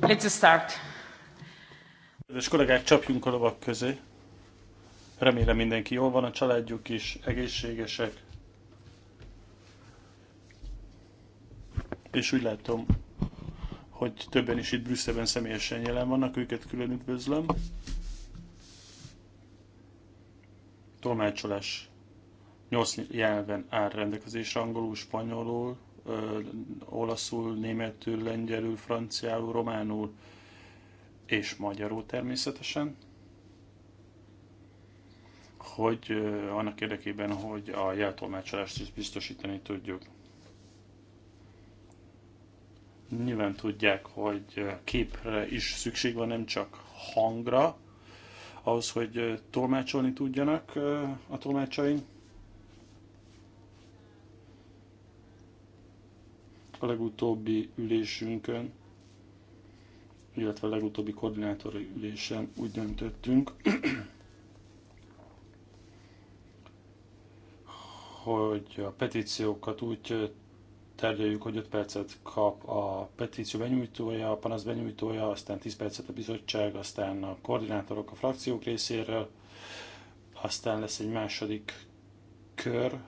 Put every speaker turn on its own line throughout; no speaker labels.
Let's start. Kedves kollégák, csapjunk a lovak közé. Remélem mindenki jól van, a családjuk is egészségesek. És úgy látom, hogy többen is itt Brüsszelben személyesen jelen vannak, őket külön üdvözlöm. Tolmácsolás 8 nyelven áll rendelkezésre, angolul, spanyolul, olaszul, németül, lengyelül, franciául, románul és magyarul természetesen, hogy annak érdekében, hogy a jeltolmácsolást is biztosítani tudjuk. Nyilván tudják, hogy képre is szükség van, nem csak hangra, ahhoz, hogy tolmácsolni tudjanak a tolmácsaink, a legutóbbi ülésünkön, illetve a legutóbbi koordinátori ülésen úgy döntöttünk, hogy a petíciókat úgy terjeljük, hogy 5 percet kap a petíció benyújtója, a panasz benyújtója, aztán 10 percet a bizottság, aztán a koordinátorok a frakciók részéről, aztán lesz egy második kör,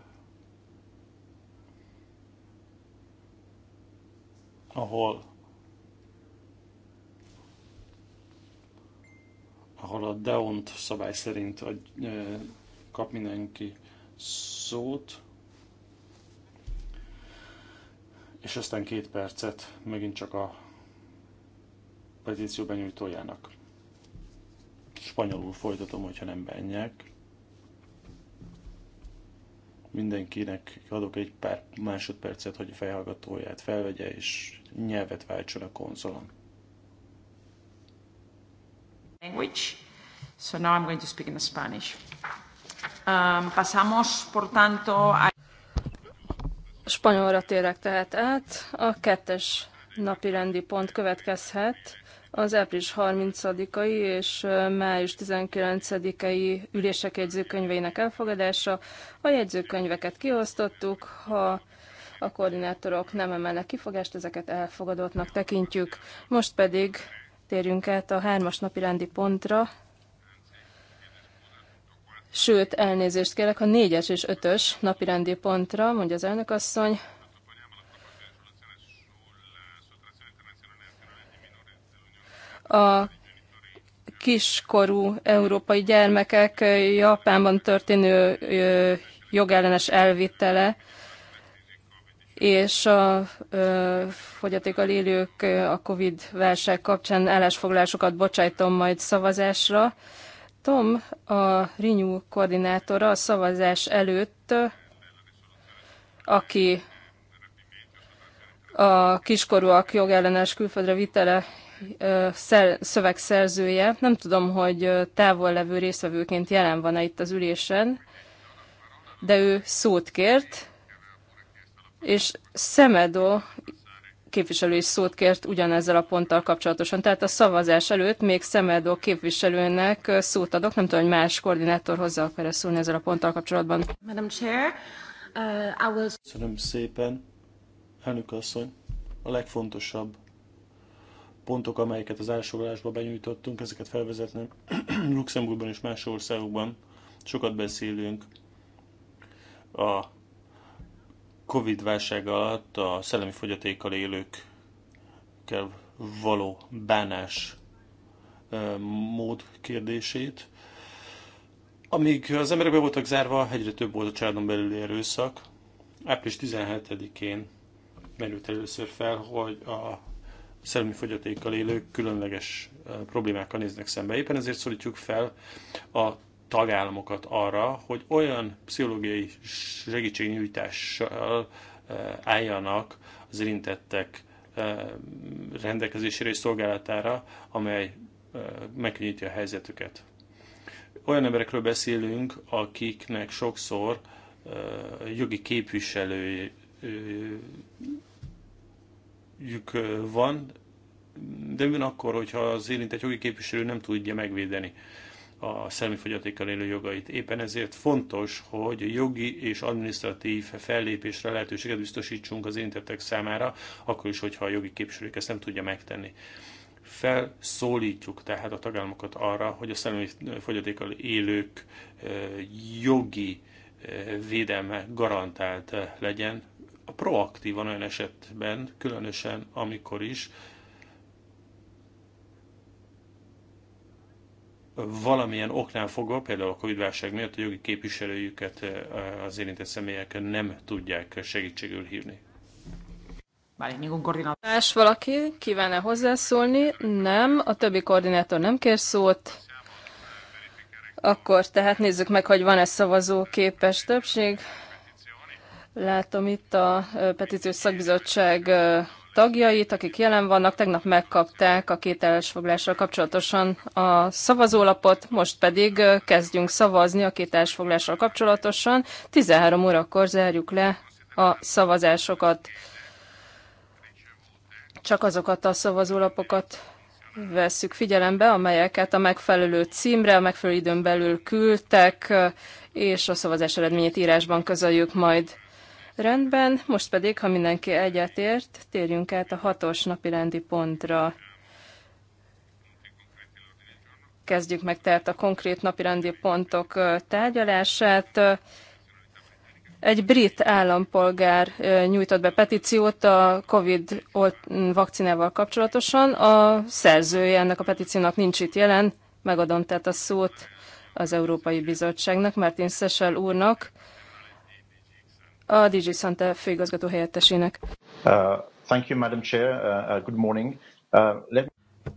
ahol ahol a DEONT szabály szerint a, e, kap mindenki szót, és aztán két percet megint csak a petíció benyújtójának. Spanyolul folytatom, hogyha nem bennyek mindenkinek adok egy pár másodpercet, hogy a fejhallgatóját felvegye és nyelvet váltson a konzolon.
Language. So now I'm going to speak in Spanish. Um, pasamos, por tanto, a...
Spanyolra térek tehát át. A kettes napi rendi pont következhet az április 30-ai és május 19-ei ülések jegyzőkönyveinek elfogadása. A jegyzőkönyveket kiosztottuk, ha a koordinátorok nem emelnek kifogást, ezeket elfogadottnak tekintjük. Most pedig térjünk át a hármas napi rendi pontra. Sőt, elnézést kérek, a négyes és ötös napi rendi pontra, mondja az elnökasszony. a kiskorú európai gyermekek Japánban történő jogellenes elvitele, és a ö, fogyatékkal élők a Covid válság kapcsán állásfoglalásokat bocsájtom majd szavazásra. Tom, a rinyú koordinátora a szavazás előtt, aki a kiskorúak jogellenes külföldre vitele szöveg szerzője. Nem tudom, hogy távol levő részvevőként jelen van-e itt az ülésen, de ő szót kért, és Szemedo képviselő is szót kért ugyanezzel a ponttal kapcsolatosan. Tehát a szavazás előtt még Szemedo képviselőnek szót adok, nem tudom, hogy más koordinátor hozzá akar szólni ezzel a ponttal kapcsolatban.
Madam Chair, uh, I will...
Köszönöm szépen, elnök asszony. A legfontosabb pontok, amelyeket az elsorolásba benyújtottunk, ezeket felvezetném. Luxemburgban és más országokban sokat beszélünk a Covid válság alatt a szellemi fogyatékkal élőkkel való bánás mód kérdését. Amíg az emberek be voltak zárva, egyre több volt a családon belüli erőszak. Április 17-én merült először fel, hogy a szellemi fogyatékkal élők különleges problémákkal néznek szembe. Éppen ezért szólítjuk fel a tagállamokat arra, hogy olyan pszichológiai segítségnyújtással álljanak az érintettek rendelkezésére és szolgálatára, amely megkönnyíti a helyzetüket. Olyan emberekről beszélünk, akiknek sokszor jogi képviselői van, de mi akkor, hogyha az érintett jogi képviselő nem tudja megvédeni a szellemi fogyatékkal élő jogait. Éppen ezért fontos, hogy jogi és administratív fellépésre lehetőséget biztosítsunk az érintettek számára, akkor is, hogyha a jogi képviselők ezt nem tudja megtenni. Felszólítjuk tehát a tagállamokat arra, hogy a szellemi fogyatékkal élők jogi védelme garantált legyen, a proaktívan olyan esetben, különösen amikor is valamilyen oknál fogva, például a covid miatt a jogi képviselőjüket eh, az érintett személyek nem tudják segítségül hívni.
Más valaki kívánne hozzászólni? Nem, a többi koordinátor nem kér szót. Akkor tehát nézzük meg, hogy van-e szavazó képes többség. Látom itt a petíciós szakbizottság tagjait, akik jelen vannak, tegnap megkapták a két állásfoglással kapcsolatosan a szavazólapot, most pedig kezdjünk szavazni a két állásfoglással kapcsolatosan. 13 órakor zárjuk le a szavazásokat. Csak azokat a szavazólapokat vesszük figyelembe, amelyeket a megfelelő címre, a megfelelő időn belül küldtek, és a szavazás eredményét írásban közöljük majd. Rendben, most pedig, ha mindenki egyetért, térjünk át a hatos napi rendi pontra. Kezdjük meg tehát a konkrét napirendi pontok tárgyalását. Egy brit állampolgár nyújtott be petíciót a COVID vakcinával kapcsolatosan. A szerzője ennek a petíciónak nincs itt jelen. Megadom tehát a szót az Európai Bizottságnak, Martin Szesel úrnak, a DG Santa főigazgató helyettesének.
Uh, thank you, Madam Chair. Uh, uh good morning. Uh, let...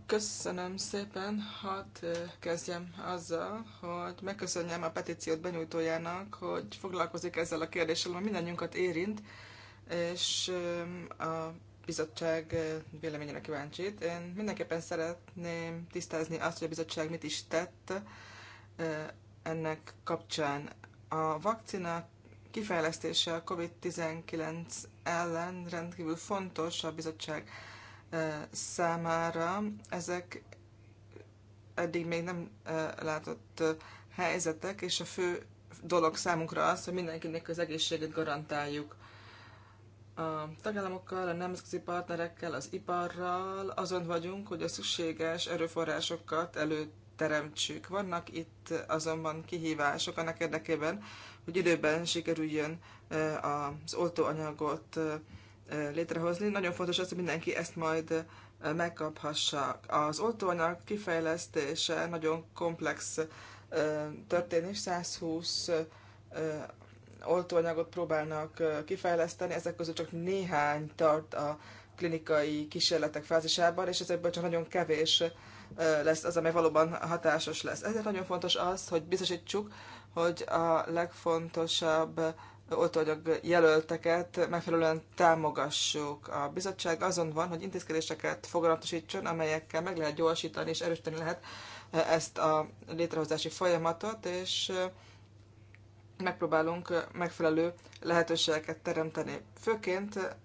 Köszönöm szépen, hadd uh, kezdjem azzal, hogy megköszönjem a petíciót benyújtójának, hogy foglalkozik ezzel a kérdéssel, ami mindannyiunkat érint, és um, a bizottság uh, véleményére kíváncsi. Én mindenképpen szeretném tisztázni azt, hogy a bizottság mit is tett ennek kapcsán. A vakcina kifejlesztése a COVID-19 ellen rendkívül fontos a bizottság számára. Ezek eddig még nem látott helyzetek, és a fő dolog számunkra az, hogy mindenkinek az egészséget garantáljuk. A tagállamokkal, a nemzetközi partnerekkel, az iparral azon vagyunk, hogy a szükséges erőforrásokat előteremtsük. Vannak itt azonban kihívások annak érdekében, hogy időben sikerüljön az oltóanyagot létrehozni. Nagyon fontos az, hogy mindenki ezt majd megkaphassa. Az oltóanyag kifejlesztése nagyon komplex történés, 120 oltóanyagot próbálnak kifejleszteni, ezek közül csak néhány tart a klinikai kísérletek fázisában, és ezekből csak nagyon kevés lesz az, amely valóban hatásos lesz. Ezért nagyon fontos az, hogy biztosítsuk, hogy a legfontosabb oltóanyag jelölteket megfelelően támogassuk. A bizottság azon van, hogy intézkedéseket foglalatosítson, amelyekkel meg lehet gyorsítani és erősíteni lehet eh, ezt a létrehozási folyamatot, és eh, megpróbálunk megfelelő lehetőségeket teremteni. Főként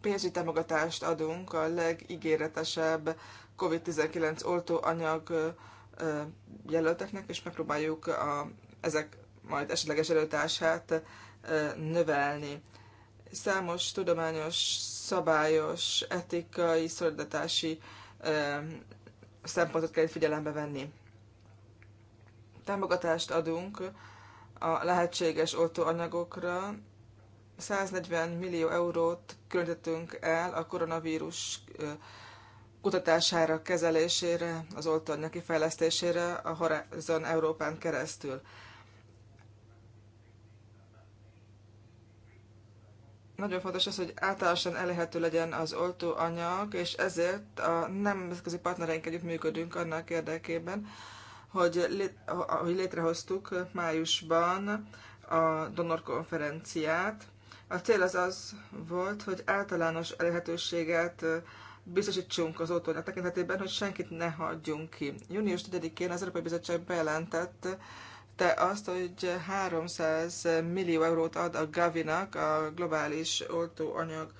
pénzügyi támogatást adunk a legígéretesebb COVID-19 oltóanyag eh, jelölteknek, és megpróbáljuk a ezek majd esetleges erőtársát növelni. Számos tudományos, szabályos, etikai, szolidatási szempontot kell figyelembe venni. Támogatást adunk a lehetséges oltóanyagokra. 140 millió eurót különítettünk el a koronavírus kutatására, kezelésére, az oltóanyag kifejlesztésére a Horizon Európán keresztül. Nagyon fontos az, hogy általánosan elérhető legyen az oltóanyag, és ezért a nemzetközi partnereink együtt működünk annak érdekében, hogy, lé- hogy létrehoztuk májusban a donorkonferenciát. A cél az az volt, hogy általános elérhetőséget biztosítsunk az oltóanyag tekintetében, hogy senkit ne hagyjunk ki. Június 4-én az Európai Bizottság bejelentett említette azt, hogy 300 millió eurót ad a Gavinak, a Globális Oltóanyag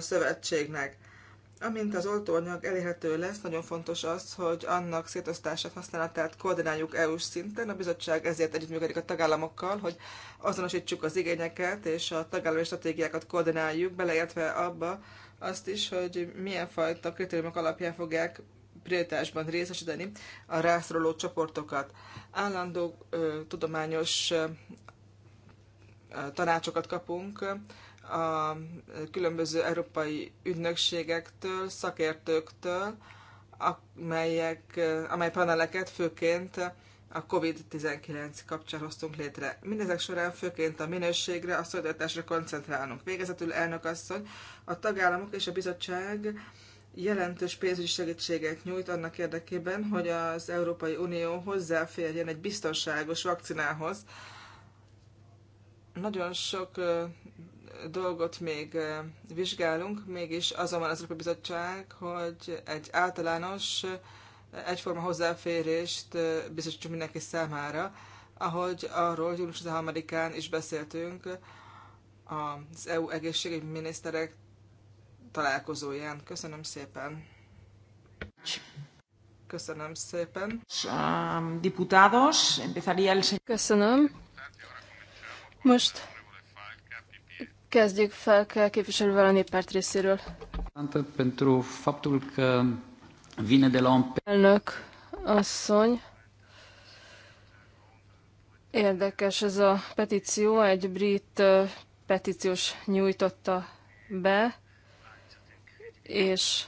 Szövetségnek. Amint az oltóanyag elérhető lesz, nagyon fontos az, hogy annak szétosztását, használatát koordináljuk EU-s szinten. A bizottság ezért együttműködik a tagállamokkal, hogy azonosítsuk az igényeket, és a tagállami stratégiákat koordináljuk, beleértve abba azt is, hogy milyen fajta kritériumok alapján fogják prioritásban részesíteni a rászoruló csoportokat. Állandó tudományos tanácsokat kapunk a különböző európai ügynökségektől, szakértőktől, amelyek, amely paneleket főként a COVID-19 kapcsán hoztunk létre. Mindezek során főként a minőségre, a szolidaritásra koncentrálunk. Végezetül elnök asszony, a tagállamok és a bizottság jelentős pénzügyi segítséget nyújt annak érdekében, hogy az Európai Unió hozzáférjen egy biztonságos vakcinához. Nagyon sok dolgot még vizsgálunk, mégis azon van az Európai Bizottság, hogy egy általános, egyforma hozzáférést biztosítsunk mindenki számára, ahogy arról július 13-án is beszéltünk az EU egészségügyi miniszterek találkozóján. Köszönöm szépen! Köszönöm szépen.
Diputados, empezaría el Köszönöm. Most kezdjük
fel kell képviselővel a néppárt részéről.
Pentru faptul că
vine de la un...
Elnök asszony. Érdekes ez a petíció, egy brit petíciós nyújtotta be és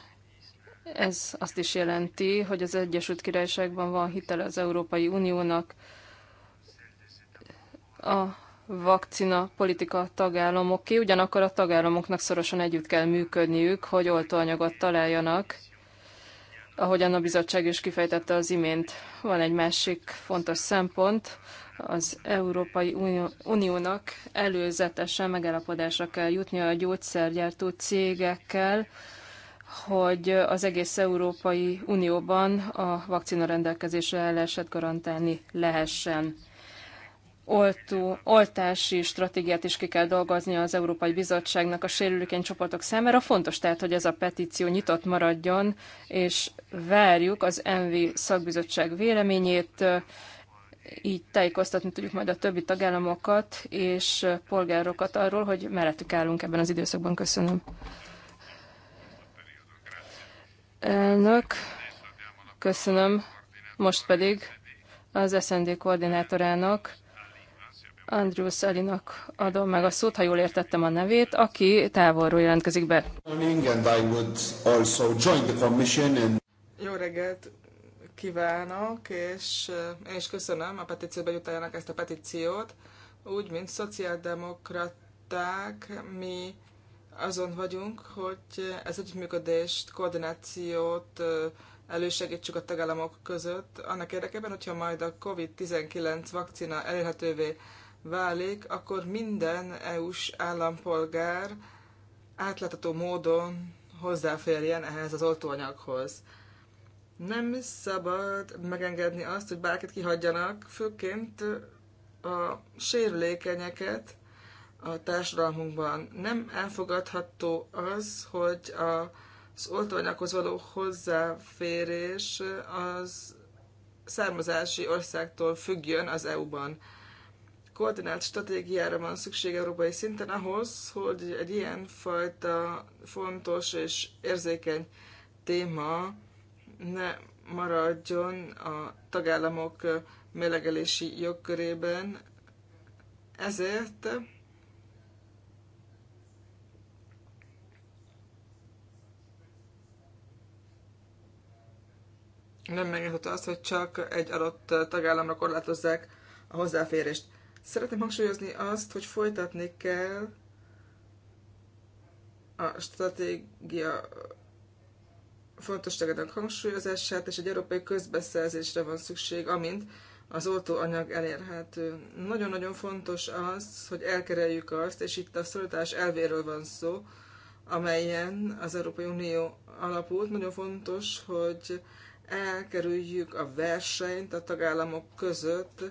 ez azt is jelenti, hogy az Egyesült Királyságban van hitele az Európai Uniónak. A vakcina politika tagállamoké, ugyanakkor a tagállamoknak szorosan együtt kell működniük, hogy oltóanyagot találjanak, ahogyan a bizottság is kifejtette az imént. Van egy másik fontos szempont, az Európai Unió, Uniónak előzetesen megállapodásra kell jutnia a gyógyszergyártó cégekkel, hogy az egész Európai Unióban a vakcina rendelkezésre állását garantálni lehessen. Oltó, oltási stratégiát is ki kell dolgozni az Európai Bizottságnak a sérülékeny csoportok számára. Fontos tehát, hogy ez a petíció nyitott maradjon, és várjuk az MV szakbizottság véleményét, így tájékoztatni tudjuk majd a többi tagállamokat és polgárokat arról, hogy mellettük állunk ebben az időszakban. Köszönöm. Elnök, köszönöm. Most pedig az SND koordinátorának, Andrews Alinak adom meg a szót, ha jól értettem a nevét, aki távolról jelentkezik be.
Jó reggelt kívánok, és én is köszönöm a petícióba jutájának ezt a petíciót. Úgy, mint szociáldemokraták, mi azon vagyunk, hogy ez együttműködést, koordinációt elősegítsük a tagállamok között, annak érdekében, hogyha majd a COVID-19 vakcina elérhetővé válik, akkor minden EU-s állampolgár átlátható módon hozzáférjen ehhez az oltóanyaghoz. Nem szabad megengedni azt, hogy bárkit kihagyjanak, főként a sérülékenyeket, a társadalmunkban. Nem elfogadható az, hogy a, az oltóanyaghoz való hozzáférés az származási országtól függjön az EU-ban. Koordinált stratégiára van szükség európai szinten ahhoz, hogy egy ilyen fajta fontos és érzékeny téma ne maradjon a tagállamok mélegelési jogkörében. Ezért nem megengedhető az, hogy csak egy adott tagállamra korlátozzák a hozzáférést. Szeretném hangsúlyozni azt, hogy folytatni kell a stratégia fontosságának hangsúlyozását, és egy európai közbeszerzésre van szükség, amint az oltóanyag elérhető. Nagyon-nagyon fontos az, hogy elkerüljük azt, és itt a szorítás elvéről van szó, amelyen az Európai Unió alapult. Nagyon fontos, hogy elkerüljük a versenyt a tagállamok között,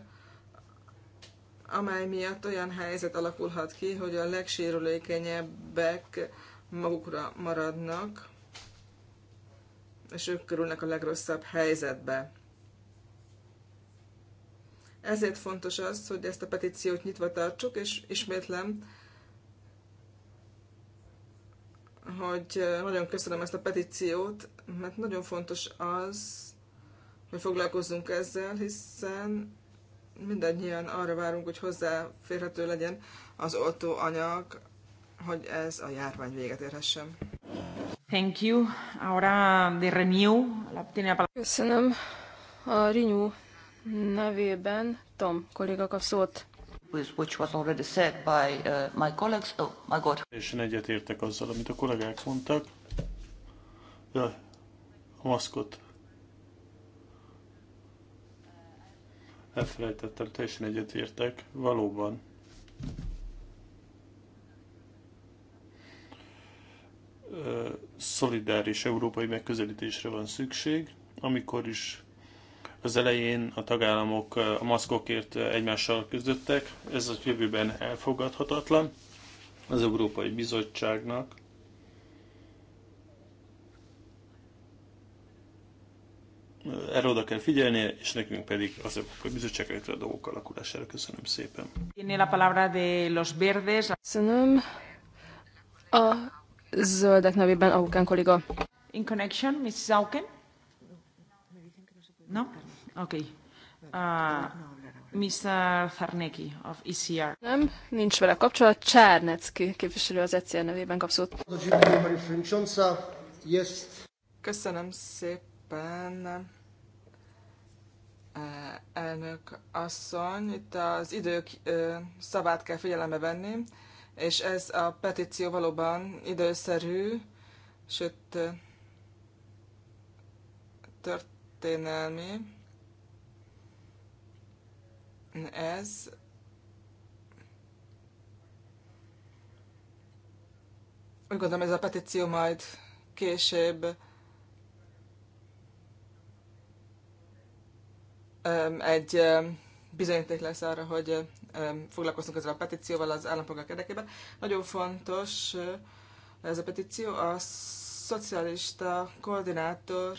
amely miatt olyan helyzet alakulhat ki, hogy a legsérülékenyebbek magukra maradnak, és ők kerülnek a legrosszabb helyzetbe. Ezért fontos az, hogy ezt a petíciót nyitva tartsuk, és ismétlem, hogy nagyon köszönöm ezt a petíciót, mert nagyon fontos az, hogy foglalkozzunk ezzel, hiszen mindannyian arra várunk, hogy hozzáférhető legyen az oltóanyag, hogy ez a járvány véget érhessen.
Thank you. Ahora de Renew. Köszönöm. A Renew nevében Tom
kolléga kap szót which was already said by uh, my colleagues. Oh, my God. Teljesen egyetértek azzal, amit a kollégák mondtak. Jaj, a maszkot. Elfelejtettem, teljesen egyetértek. Valóban. Szolidáris európai megközelítésre van szükség, amikor is az elején a tagállamok a maszkokért egymással küzdöttek, ez a jövőben elfogadhatatlan. Az Európai Bizottságnak erre oda kell figyelni, és nekünk pedig az Európai Bizottság előtt a dolgok alakulására. Köszönöm szépen.
Köszönöm. A
zöldek nevében Auken kolléga.
In connection, Mrs. Auken? No? Okay. Uh, ah,
Mr. Farnecki of ECR. Nem,
nincs vele kapcsolat. Csárnecki képviselő az
ECR nevében kap szót. Köszönöm szépen, eh, elnök asszony. Itt az idők eh, szavát kell figyelembe venni, és ez a petíció valóban időszerű, sőt eh, történelmi ez. Úgy gondolom, ez a petíció majd később egy bizonyíték lesz arra, hogy foglalkoztunk ezzel a petícióval az állampolgárok érdekében. Nagyon fontos ez a petíció. A szocialista koordinátor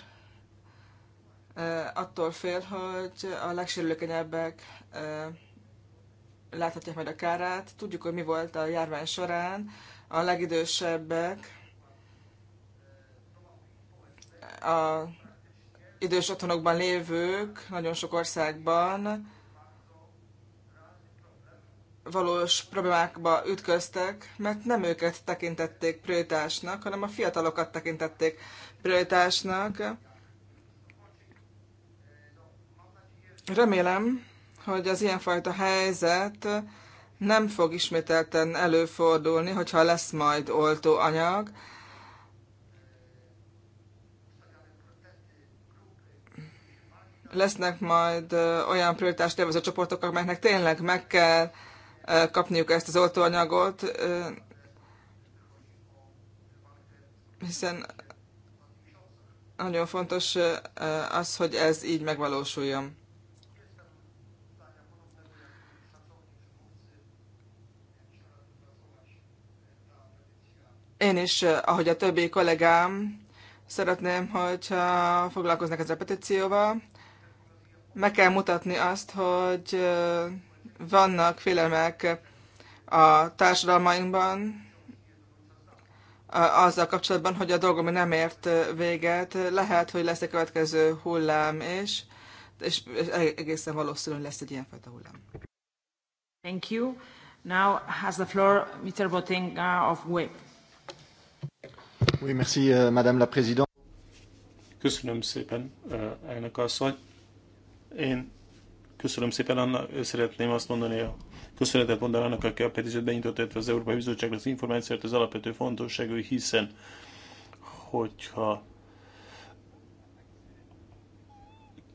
attól fél, hogy a legsérülékenyebbek láthatják majd a kárát. Tudjuk, hogy mi volt a járvány során. A legidősebbek a idős otthonokban lévők nagyon sok országban valós problémákba ütköztek, mert nem őket tekintették prioritásnak, hanem a fiatalokat tekintették prioritásnak Remélem, hogy az ilyenfajta helyzet nem fog ismételten előfordulni, hogyha lesz majd oltóanyag. Lesznek majd olyan prioritás tervező csoportok, amelyeknek tényleg meg kell kapniuk ezt az oltóanyagot, hiszen nagyon fontos az, hogy ez így megvalósuljon. Én is, eh, ahogy a többi kollégám, szeretném, hogyha foglalkoznak ezzel a petícióval. Meg kell mutatni azt, hogy eh, vannak félelmek a társadalmainkban, eh, azzal kapcsolatban, hogy a dolgom nem ért véget, lehet, hogy lesz a következő hullám, és, és, egészen valószínűleg lesz egy ilyenfajta hullám.
Thank you. Now has the floor Mr. Botenga of WIP.
Euh,
köszönöm szépen, elnök asszony. Én köszönöm szépen, Anna, szeretném azt mondani, a köszönetet mondani annak, aki a petíciót benyitott, illetve az Európai Bizottságnak az információt, az alapvető fontosságú, hiszen hogyha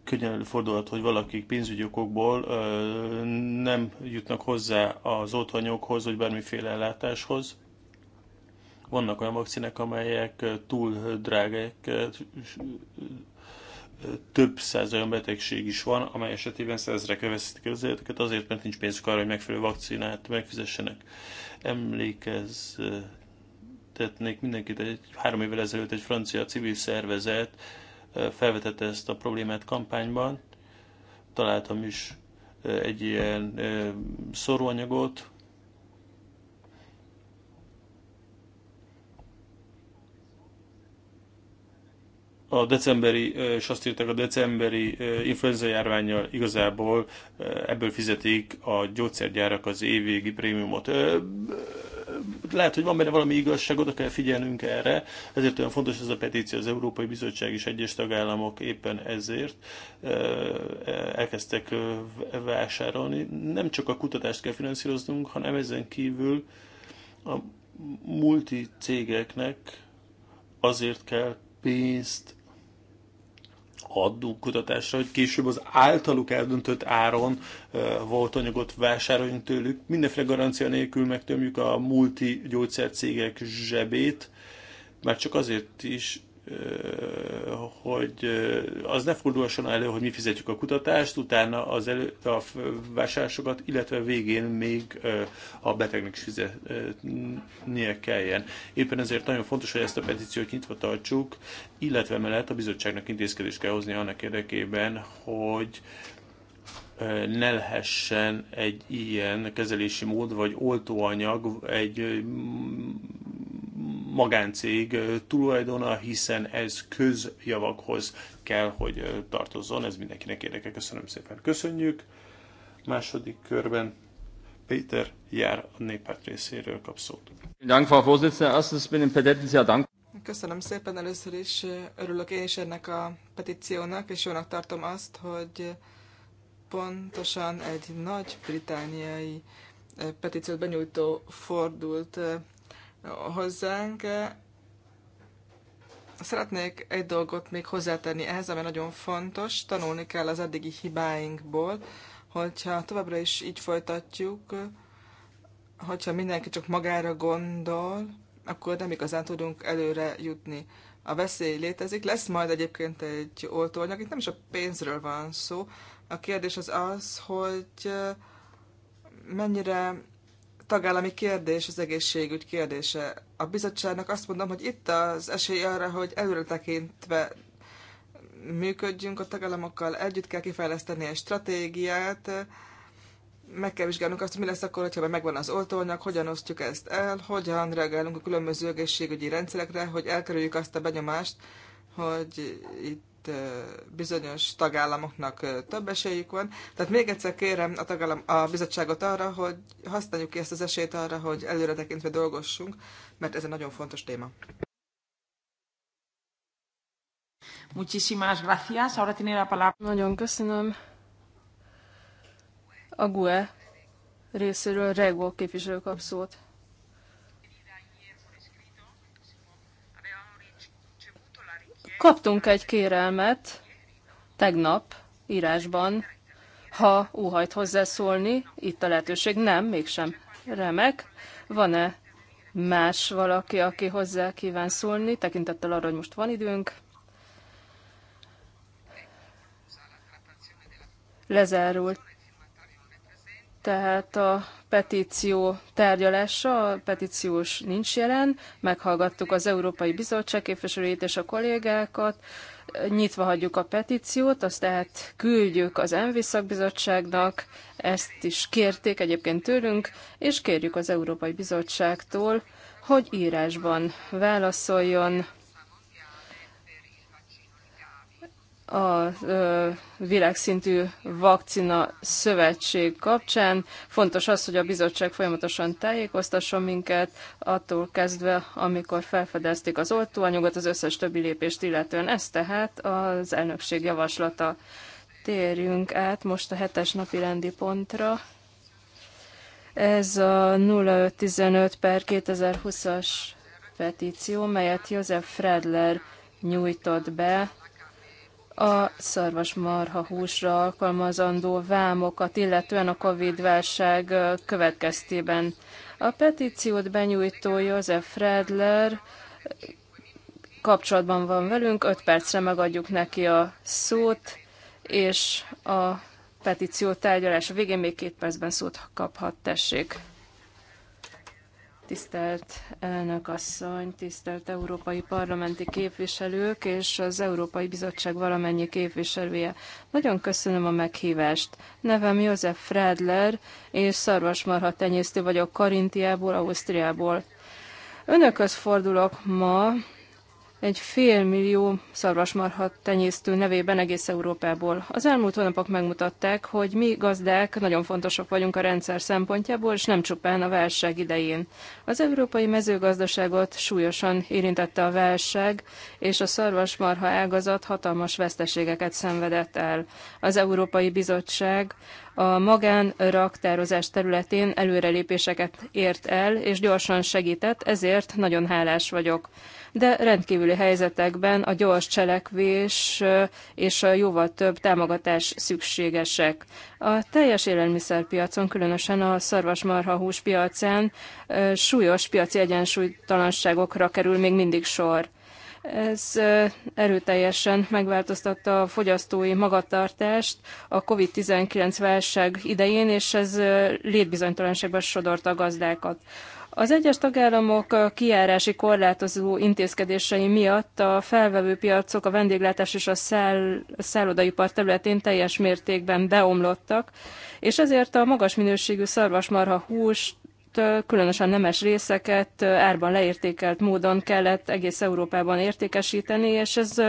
könnyen előfordulhat, hogy valakik pénzügyi okokból nem jutnak hozzá az otthonyokhoz, vagy bármiféle ellátáshoz. Vannak olyan vakcinek, amelyek túl drágák, több száz olyan betegség is van, amely esetében százrekre veszítik az életeket, azért, mert nincs pénzük arra, hogy megfelelő vakcinát megfizessenek. Emlékeztetnék mindenkit, egy, három évvel ezelőtt egy francia civil szervezet felvetette ezt a problémát kampányban. Találtam is egy ilyen szoróanyagot, a decemberi, és azt írták, a decemberi influenza járványjal igazából ebből fizetik a gyógyszergyárak az évvégi prémiumot. Lehet, hogy van benne valami igazság, oda kell figyelnünk erre, ezért olyan fontos ez a petíció, az Európai Bizottság és egyes tagállamok éppen ezért elkezdtek vásárolni. Nem csak a kutatást kell finanszíroznunk, hanem ezen kívül a multi cégeknek azért kell pénzt adunk kutatásra, hogy később az általuk eldöntött áron volt anyagot vásároljunk tőlük. Mindenféle garancia nélkül megtömjük a multi gyógyszercégek zsebét, már csak azért is, hogy eh, az ne fordulhasson elő, hogy mi fizetjük a kutatást, utána az elő, a vásárlásokat, illetve a végén még eh, a betegnek is fizetnie kelljen. Éppen ezért nagyon fontos, hogy ezt a petíciót nyitva tartsuk, illetve mellett a bizottságnak intézkedést kell hozni annak érdekében, hogy ne lehessen egy ilyen kezelési mód vagy oltóanyag egy magáncég tulajdona, hiszen ez közjavakhoz kell, hogy tartozzon. Ez mindenkinek érdeke. Köszönöm szépen. Köszönjük. Második körben Péter jár a néppárt részéről kap szót.
Köszönöm szépen először is. Örülök én is ennek a petíciónak, és jónak tartom azt, hogy pontosan egy nagy britániai eh, petíciót benyújtó fordult eh, hozzánk. Szeretnék egy dolgot még hozzátenni ehhez, ami nagyon fontos. Tanulni kell az eddigi hibáinkból, hogyha továbbra is így folytatjuk, hogyha mindenki csak magára gondol, akkor nem igazán tudunk előre jutni. A veszély létezik, lesz majd egyébként egy oltóanyag, itt nem is a pénzről van szó, a kérdés az az, hogy mennyire tagállami kérdés az egészségügy kérdése. A bizottságnak azt mondom, hogy itt az esély arra, hogy előre tekintve működjünk a tagállamokkal, együtt kell kifejleszteni egy stratégiát, meg kell vizsgálnunk azt, hogy mi lesz akkor, ha megvan az oltóanyag, hogyan osztjuk ezt el, hogyan reagálunk a különböző egészségügyi rendszerekre, hogy elkerüljük azt a benyomást, hogy itt bizonyos tagállamoknak több esélyük van. Tehát még egyszer kérem a, tagállam, a bizottságot arra, hogy használjuk ki ezt az esélyt arra, hogy előre tekintve dolgozzunk, mert ez egy nagyon fontos téma. Muchísimas
gracias. Ahora tiene la palabra. Nagyon köszönöm. A
GUE részéről Rego képviselő kap szót. Kaptunk egy kérelmet tegnap írásban, ha óhajt hozzászólni, itt a lehetőség nem, mégsem remek. Van-e más valaki, aki hozzá kíván szólni, tekintettel arra, hogy most van időnk? Lezárult tehát a petíció tárgyalása, a petíciós nincs jelen, meghallgattuk az Európai Bizottság képviselőjét és a kollégákat, nyitva hagyjuk a petíciót, azt tehát küldjük az ENVI szakbizottságnak, ezt is kérték egyébként tőlünk, és kérjük az Európai Bizottságtól, hogy írásban válaszoljon a világszintű vakcina szövetség kapcsán. Fontos az, hogy a bizottság folyamatosan tájékoztasson minket, attól kezdve, amikor felfedezték az oltóanyagot, az összes többi lépést illetően. Ez tehát az elnökség javaslata. Térjünk át most a hetes napi rendi pontra. Ez a 0515 per 2020-as petíció, melyet József Fredler nyújtott be a szarvasmarha húsra alkalmazandó vámokat, illetően a Covid-válság következtében. A petíciót benyújtó József Fredler kapcsolatban van velünk, öt percre megadjuk neki a szót, és a petíció tárgyalása végén még két percben szót kaphat, tessék. Tisztelt elnök asszony, tisztelt európai parlamenti képviselők és az Európai Bizottság valamennyi képviselője. Nagyon köszönöm a meghívást. Nevem József Fredler, és szarvasmarha tenyésztő vagyok Karintiából, Ausztriából. Önökhöz fordulok ma, egy félmillió szarvasmarha tenyésztő nevében egész Európából. Az elmúlt hónapok megmutatták, hogy mi gazdák nagyon fontosak vagyunk a rendszer szempontjából, és nem csupán a válság idején. Az európai mezőgazdaságot súlyosan érintette a válság, és a szarvasmarha ágazat hatalmas veszteségeket szenvedett el. Az Európai Bizottság a magánraktározás területén előrelépéseket ért el, és gyorsan segített, ezért nagyon hálás vagyok. De rendkívüli helyzetekben a gyors cselekvés és a jóval több támogatás szükségesek. A teljes élelmiszerpiacon, különösen a szarvasmarhahús piacán súlyos piaci egyensúlytalanságokra kerül még mindig sor. Ez erőteljesen megváltoztatta a fogyasztói magatartást a COVID-19 válság idején, és ez létbizonytalanságba sodorta a gazdákat. Az egyes tagállamok kiárási korlátozó intézkedései miatt a felvevő piacok, a vendéglátás és a száll, szállodaipar területén teljes mértékben beomlottak, és ezért a magas minőségű szarvasmarha húst különösen nemes részeket árban leértékelt módon kellett egész Európában értékesíteni, és ez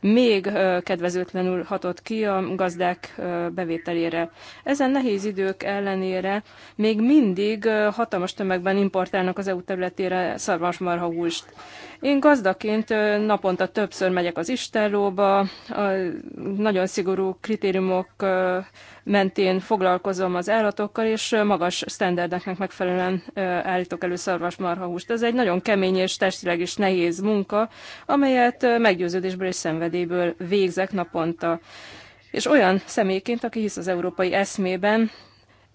még kedvezőtlenül hatott ki a gazdák bevételére. Ezen nehéz idők ellenére még mindig hatalmas tömegben importálnak az EU területére húst. Én gazdaként naponta többször megyek az istállóba, nagyon szigorú kritériumok mentén foglalkozom az állatokkal, és magas sztenderdeknek megfelelően állítok elő szarvasmarhahúst. Ez egy nagyon kemény és testileg is nehéz munka, amelyet meggyőződésből és szenvedélyből végzek naponta. És olyan személyként, aki hisz az európai eszmében,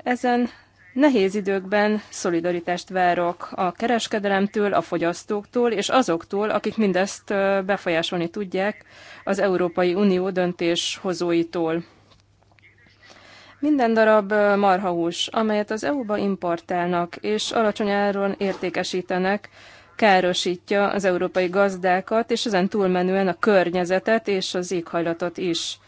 ezen Nehéz időkben szolidaritást várok a kereskedelemtől, a fogyasztóktól és azoktól, akik mindezt befolyásolni tudják az Európai Unió döntéshozóitól. Minden darab marhahús, amelyet az EU-ba importálnak és alacsony áron értékesítenek, károsítja az európai gazdákat, és ezen túlmenően a környezetet és az éghajlatot is.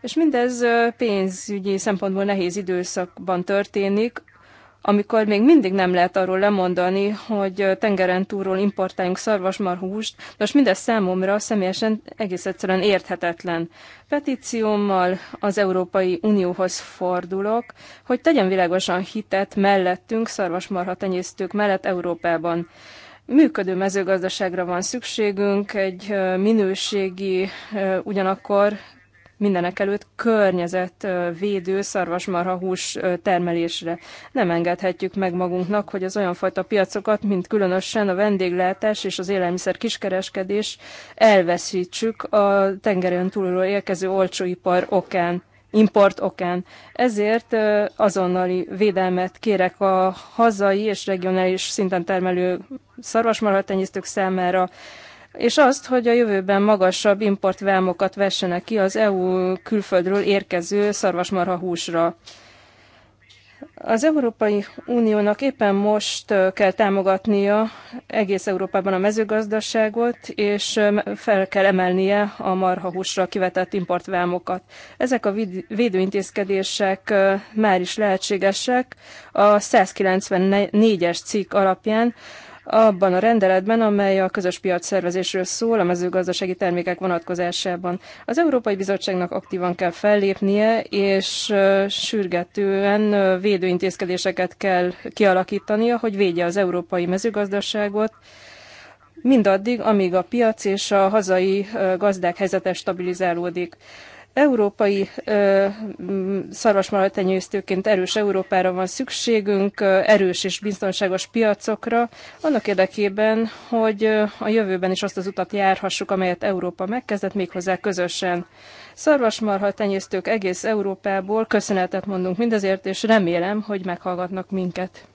És mindez pénzügyi szempontból nehéz időszakban történik, amikor még mindig nem lehet arról lemondani, hogy tengeren túlról importáljunk szarvasmarhúst, most mindez számomra személyesen egész egyszerűen érthetetlen. Petíciómmal az Európai Unióhoz fordulok, hogy tegyen világosan hitet mellettünk, szarvasmarha tenyésztők mellett Európában. Működő mezőgazdaságra van szükségünk, egy minőségi, ugyanakkor mindenek előtt környezetvédő hús termelésre. Nem engedhetjük meg magunknak, hogy az olyan fajta piacokat, mint különösen a vendéglátás és az élelmiszer kiskereskedés elveszítsük a tengeren túlról érkező olcsóipar okán import okán. Ezért azonnali védelmet kérek a hazai és regionális szinten termelő szarvasmarhatenyésztők számára, és azt, hogy a jövőben magasabb importvámokat vessenek ki az EU külföldről érkező szarvasmarha húsra. Az Európai Uniónak éppen most kell támogatnia egész Európában a mezőgazdaságot, és fel kell emelnie a marhahúsra kivetett importvámokat. Ezek a védőintézkedések már is lehetségesek a 194-es cikk alapján, abban a rendeletben, amely a közös piac szervezésről szól a mezőgazdasági termékek vonatkozásában. Az Európai Bizottságnak aktívan kell fellépnie, és sürgetően védőintézkedéseket kell kialakítania, hogy védje az európai mezőgazdaságot, mindaddig, amíg a piac és a hazai gazdák helyzete stabilizálódik. Európai szarvasmarhatenyésztőként erős Európára van szükségünk, erős és biztonságos piacokra, annak érdekében, hogy a jövőben is azt az utat járhassuk, amelyet Európa megkezdett méghozzá közösen. Szarvasmarha tenyésztők egész Európából köszönetet mondunk mindezért, és remélem, hogy meghallgatnak minket.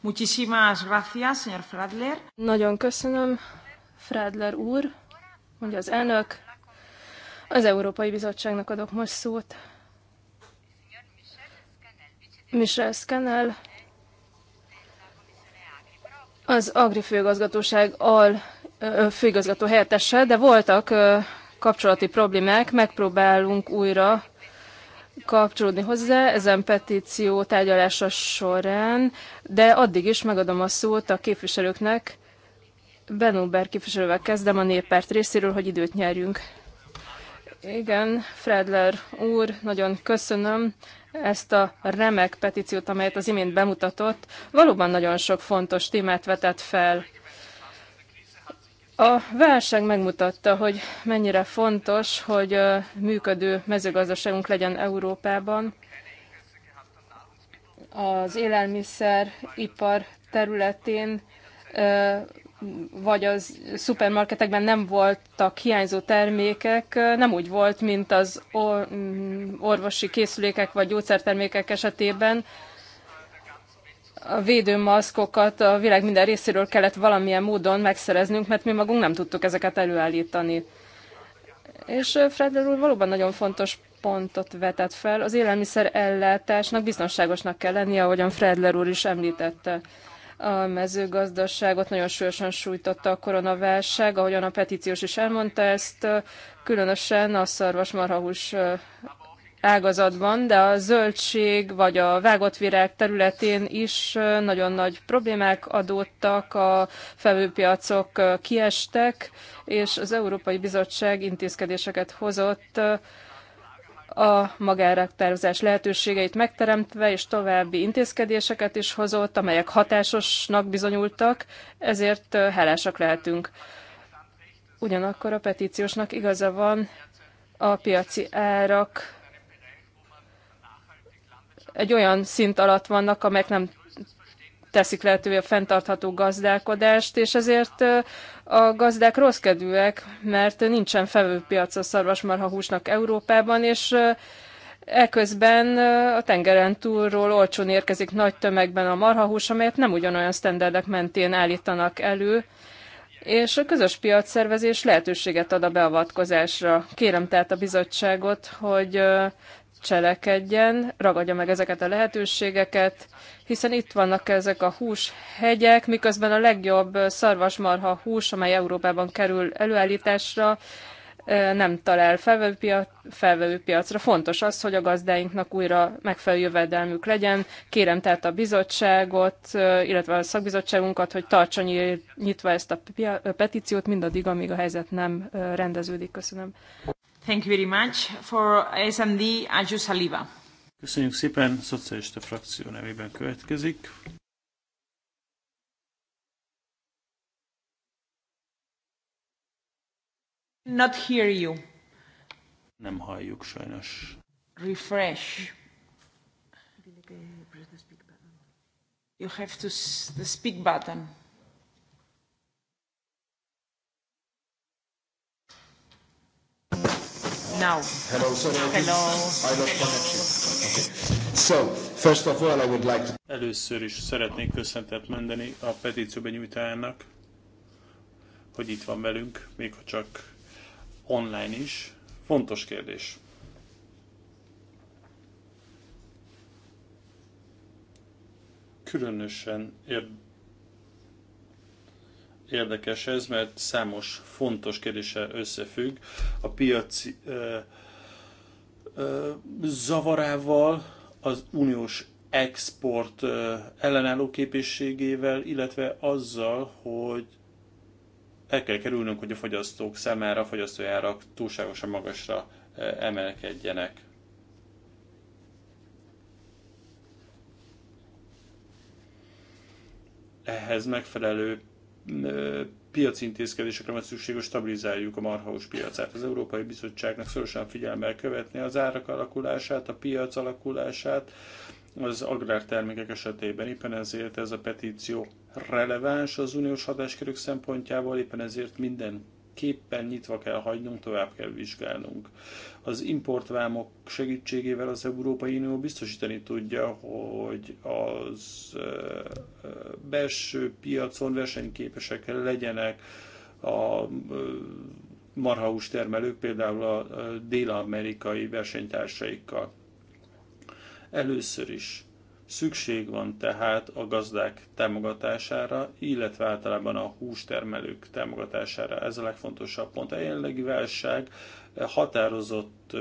Muchísimas gracias, señor Fradler.
Nagyon köszönöm, Fradler úr mondja az elnök. Az Európai Bizottságnak adok most szót. Michel Scannell, az Agri főgazgatóság al főigazgató helyettese, de voltak kapcsolati problémák, megpróbálunk újra kapcsolódni hozzá ezen petíció tárgyalása során, de addig is megadom a szót a képviselőknek, Benuber képviselővel kezdem a néppárt részéről, hogy időt nyerjünk. Igen, Fredler úr, nagyon köszönöm ezt a remek petíciót, amelyet az imént bemutatott. Valóban nagyon sok fontos témát vetett fel. A válság megmutatta, hogy mennyire fontos, hogy működő mezőgazdaságunk legyen Európában. Az élelmiszeripar területén vagy az szupermarketekben nem voltak hiányzó termékek, nem úgy volt, mint az mm, orvosi készülékek vagy gyógyszertermékek esetében. A védőmaszkokat a világ minden részéről kellett valamilyen módon megszereznünk, mert mi magunk nem tudtuk ezeket előállítani. És Fredler úr valóban nagyon fontos pontot vetett fel. Az élelmiszer ellátásnak biztonságosnak kell lennie, ahogyan Fredler úr is említette. A mezőgazdaságot nagyon súlyosan sújtotta a koronaválság, ahogyan a petíciós is elmondta ezt, különösen a szarvasmarhahús ágazatban, de a zöldség vagy a vágott virág területén is nagyon nagy problémák adódtak, a felülpiacok kiestek, és az Európai Bizottság intézkedéseket hozott a magánraktározás lehetőségeit megteremtve, és további intézkedéseket is hozott, amelyek hatásosnak bizonyultak, ezért hálásak lehetünk. Ugyanakkor a petíciósnak igaza van, a piaci árak egy olyan szint alatt vannak, amelyek nem teszik lehetővé a fenntartható gazdálkodást, és ezért a gazdák kedvűek, mert nincsen felvőpiac a szarvasmarha húsnak Európában, és Eközben a tengeren túlról olcsón érkezik nagy tömegben a marhahús, amelyet nem ugyanolyan sztenderdek mentén állítanak elő, és a közös piacszervezés lehetőséget ad a beavatkozásra. Kérem tehát a bizottságot, hogy cselekedjen, ragadja meg ezeket a lehetőségeket, hiszen itt vannak ezek a húshegyek, miközben a legjobb szarvasmarha hús, amely Európában kerül előállításra, nem talál felvevőpiac, felvevőpiacra. Fontos az, hogy a gazdáinknak újra megfelelő jövedelmük legyen. Kérem tehát a bizottságot, illetve a szakbizottságunkat, hogy tartsa nyitva ezt a petíciót mindaddig, amíg a
helyzet nem rendeződik. Köszönöm. Thank you very much for Saliba.
Köszönjük szépen, szocialista frakció nevében következik.
Not hear you.
Nem halljuk sajnos.
Refresh. You have to the speak button. now. Hello, sorry. Hello. I
lost connection. Okay. So, first of all, I would like to... Először is szeretnék köszöntet mondani a petíció benyújtájának, hogy itt van velünk, még ha csak online is. Fontos kérdés. Különösen érdekes érdekes ez, mert számos fontos kérdése összefügg a piaci ö, ö, zavarával, az uniós export ö, ellenálló képességével, illetve azzal, hogy el kell kerülnünk, hogy a fogyasztók számára, a fogyasztói árak túlságosan magasra emelkedjenek. Ehhez megfelelő piaci intézkedésekre van szükség, hogy stabilizáljuk a marhaus piacát. Az Európai Bizottságnak szorosan figyelmel követni az árak alakulását, a piac alakulását, az agrártermékek esetében. Éppen ezért ez a petíció releváns az uniós hatáskörök szempontjából, éppen ezért minden képpen nyitva kell hagynunk, tovább kell vizsgálnunk. Az importvámok segítségével az Európai Unió biztosítani tudja, hogy az belső piacon versenyképesek legyenek a marhaús termelők, például a dél-amerikai versenytársaikkal. Először is Szükség van tehát a gazdák támogatására, illetve általában a hústermelők támogatására. Ez a legfontosabb pont. A jelenlegi válság határozott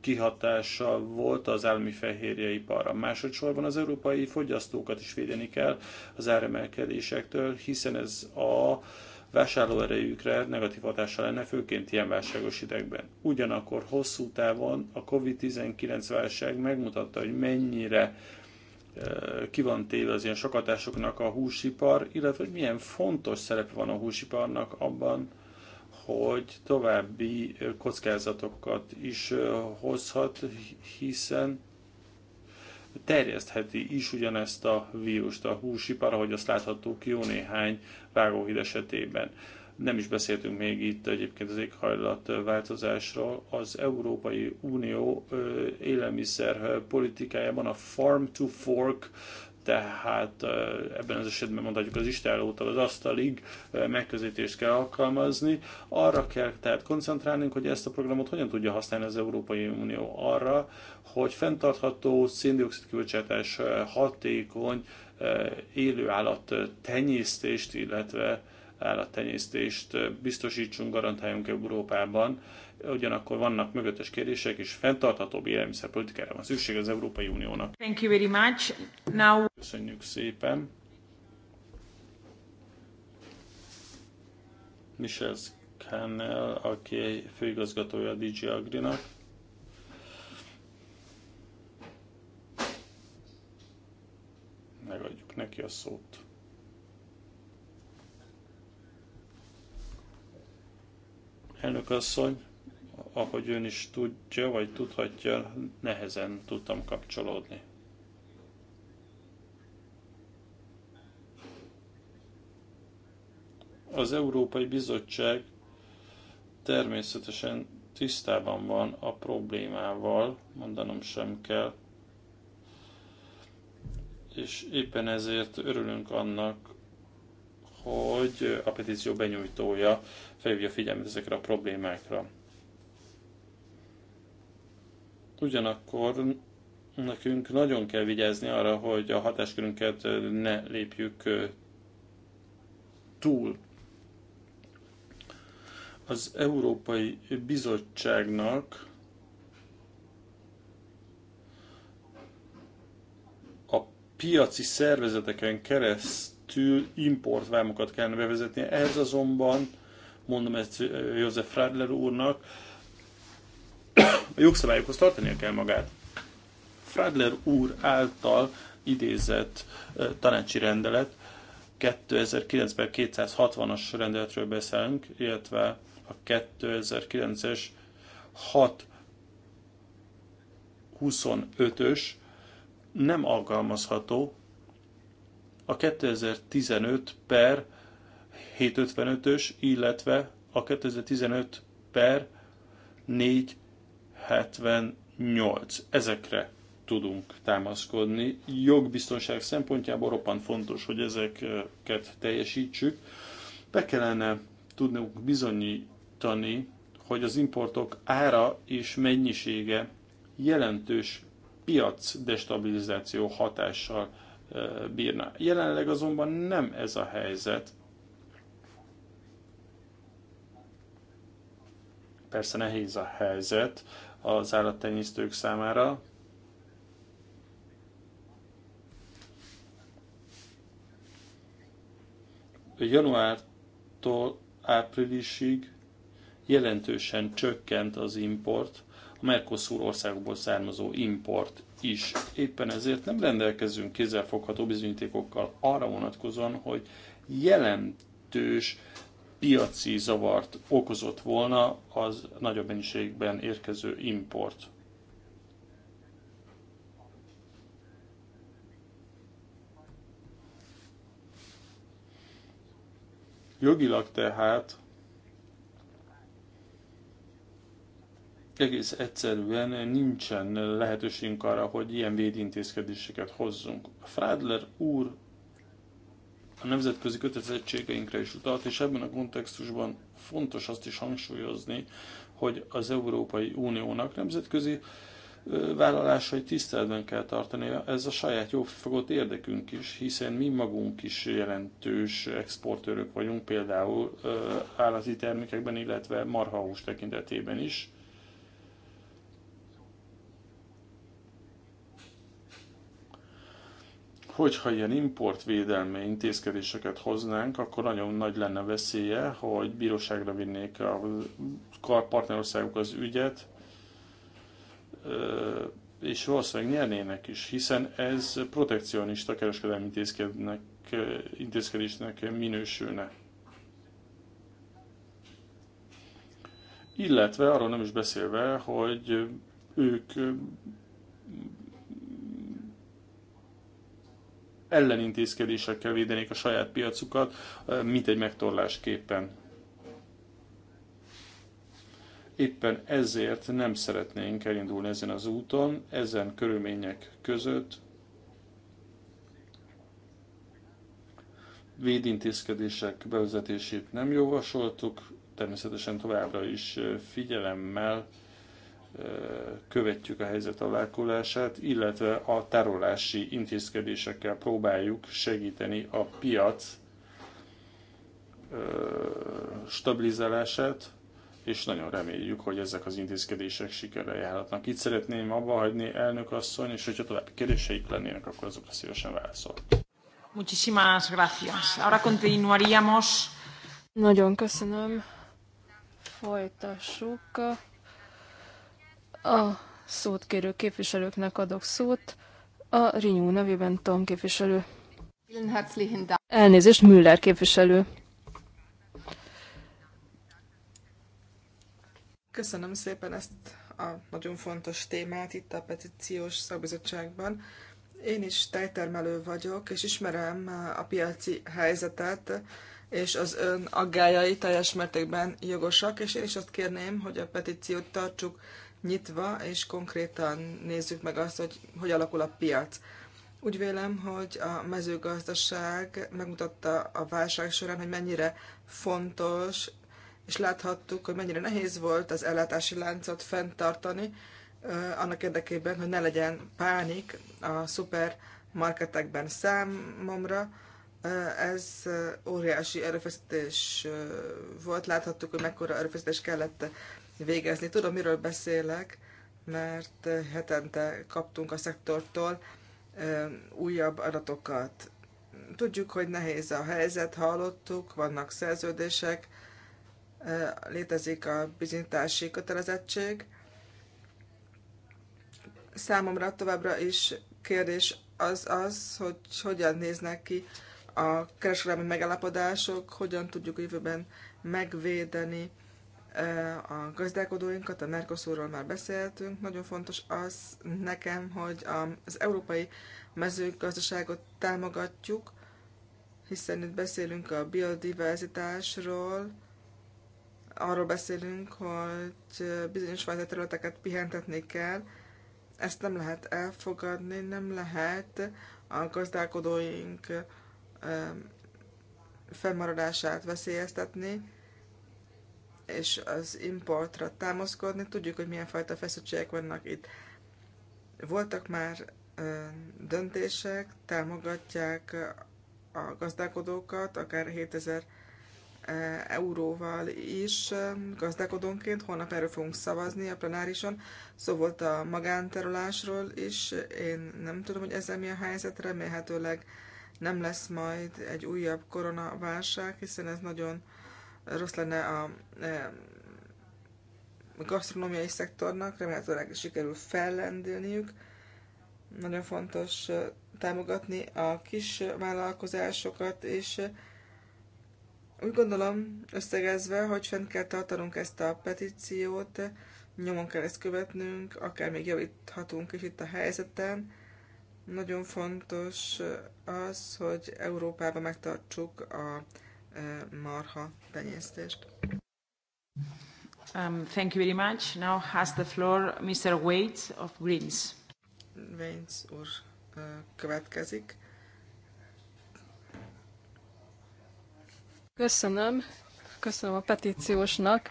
kihatással volt az állami fehérjeiparra. Másodszorban az európai fogyasztókat is védeni kell az áremelkedésektől, hiszen ez a vásárlóerejükre negatív hatása lenne, főként ilyen válságos idegben. Ugyanakkor hosszú távon a COVID-19 válság megmutatta, hogy mennyire ki van téve az ilyen sokatásoknak a húsipar, illetve hogy milyen fontos szerep van a húsiparnak abban, hogy további kockázatokat is hozhat, hiszen terjesztheti is ugyanezt a vírust a húsipar, ahogy azt láthattuk jó néhány vágóhíd esetében. Nem is beszéltünk még itt egyébként az éghajlat változásról. Az Európai Unió élelmiszer politikájában a farm to fork tehát ebben az esetben mondhatjuk az istállótól az asztalig megközelítést kell alkalmazni. Arra kell tehát koncentrálnunk, hogy ezt a programot hogyan tudja használni az Európai Unió arra, hogy fenntartható széndiokszid kibocsátás hatékony élőállat tenyésztést, illetve állattenyésztést biztosítsunk, garantáljunk Európában. Ugyanakkor vannak mögöttes kérdések, és fenntarthatóbb élelmiszerpolitikára van szükség az Európai Uniónak.
Thank you very much.
Now... Köszönjük szépen. Michel Scannell, aki főigazgatója a DG Agrinak. Megadjuk neki a szót. elnök asszony. Ahogy ön is tudja, vagy tudhatja, nehezen tudtam kapcsolódni. Az Európai Bizottság természetesen tisztában van a problémával, mondanom sem kell, és éppen ezért örülünk annak, hogy a petíció benyújtója felhívja figyelmet ezekre a problémákra. Ugyanakkor nekünk nagyon kell vigyázni arra, hogy a hatáskörünket ne lépjük túl. Az Európai Bizottságnak a piaci szervezeteken kereszt keresztül importvámokat kellene bevezetni. Ez azonban, mondom ezt József Radler úrnak, a jogszabályokhoz tartania kell magát. Fradler úr által idézett tanácsi rendelet 2009-ben 260-as rendeletről beszélünk, illetve a 2009-es 625-ös nem alkalmazható a 2015 per 755-ös, illetve a 2015 per 478. Ezekre tudunk támaszkodni. Jogbiztonság szempontjából roppant fontos, hogy ezeket teljesítsük. Be kellene tudnunk bizonyítani, hogy az importok ára és mennyisége jelentős piac destabilizáció hatással bírna. Jelenleg azonban nem ez a helyzet. Persze nehéz a helyzet az állattenyésztők számára, januártól áprilisig jelentősen csökkent az import, a Mercosur országokból származó import is. Éppen ezért nem rendelkezünk kézzelfogható bizonyítékokkal arra vonatkozóan, hogy jelentős piaci zavart okozott volna az nagyobb mennyiségben érkező import. Jogilag tehát egész egyszerűen nincsen lehetőségünk arra, hogy ilyen védintézkedéseket hozzunk. Frádler úr a nemzetközi kötelezettségeinkre is utalt, és ebben a kontextusban fontos azt is hangsúlyozni, hogy az Európai Uniónak nemzetközi vállalásai tiszteletben kell tartania. Ez a saját jófogott érdekünk is, hiszen mi magunk is jelentős exportőrök vagyunk, például állati termékekben, illetve marhahús tekintetében is. hogyha ilyen importvédelmi intézkedéseket hoznánk, akkor nagyon nagy lenne veszélye, hogy bíróságra vinnék a partnerországok az ügyet, és valószínűleg nyernének is, hiszen ez protekcionista kereskedelmi intézkednek, intézkedésnek minősülne. Illetve arról nem is beszélve, hogy ők ellenintézkedésekkel védenék a saját piacukat, mint egy megtorlásképpen. Éppen ezért nem szeretnénk elindulni ezen az úton, ezen körülmények között védintézkedések bevezetését nem javasoltuk, természetesen továbbra is figyelemmel követjük a helyzet alakulását, illetve a tárolási intézkedésekkel próbáljuk segíteni a piac stabilizálását, és nagyon reméljük, hogy ezek az intézkedések sikerrel járhatnak. Itt szeretném abba hagyni elnök asszony, és hogyha további kérdéseik lennének, akkor azokra szívesen válaszol.
Muchísimas gracias. Ahora continuaríamos. Nagyon köszönöm.
Folytassuk.
A szót kérő
képviselőknek adok szót. A Rinyú nevében Tom képviselő. Elnézést, Müller képviselő.
Köszönöm szépen ezt a nagyon fontos témát itt a petíciós szakbizottságban. Én is tejtermelő vagyok, és ismerem a piaci helyzetet, és az ön aggájai teljes mértékben jogosak, és én is azt kérném, hogy a petíciót tartsuk nyitva, és konkrétan nézzük meg azt, hogy hogy alakul a piac. Úgy vélem, hogy a mezőgazdaság megmutatta a válság során, hogy mennyire fontos, és láthattuk, hogy mennyire nehéz volt az ellátási láncot fenntartani, annak érdekében, hogy ne legyen pánik a szupermarketekben számomra. Ez óriási erőfeszítés volt, láthattuk, hogy mekkora erőfeszítés kellett végezni. Tudom, miről beszélek, mert hetente kaptunk a szektortól újabb adatokat. Tudjuk, hogy nehéz a helyzet, hallottuk, vannak szerződések, létezik a bizonyítási kötelezettség. Számomra továbbra is kérdés az az, hogy hogyan néznek ki a kereskedelmi megállapodások, hogyan tudjuk jövőben megvédeni a gazdálkodóinkat, a Mercosurról már beszéltünk. Nagyon fontos az nekem, hogy az európai mezőgazdaságot támogatjuk, hiszen itt beszélünk a biodiverzitásról, arról beszélünk, hogy bizonyos fajta területeket pihentetni kell, ezt nem lehet elfogadni, nem lehet a gazdálkodóink fennmaradását veszélyeztetni, és az importra támaszkodni. Tudjuk, hogy milyen fajta feszültségek vannak itt. Voltak már döntések, támogatják a gazdálkodókat, akár 7000 euróval is gazdálkodónként. Holnap erről fogunk szavazni a plenárison. Szó volt a magánterülásról is. Én nem tudom, hogy ezzel mi a helyzet. Remélhetőleg nem lesz majd egy újabb koronaválság, hiszen ez nagyon rossz lenne a gasztronómiai szektornak, remélhetőleg sikerül fellendülniük. Nagyon fontos támogatni a kis vállalkozásokat, és úgy gondolom, összegezve, hogy fent kell tartanunk ezt a petíciót, nyomon kell ezt követnünk, akár még javíthatunk is itt a helyzeten. Nagyon fontos az, hogy Európában megtartsuk a marha tenyésztést.
Um, thank you very much. Now has the floor Mr. Waits of Greens.
Waits úr következik.
Köszönöm. Köszönöm a petíciósnak.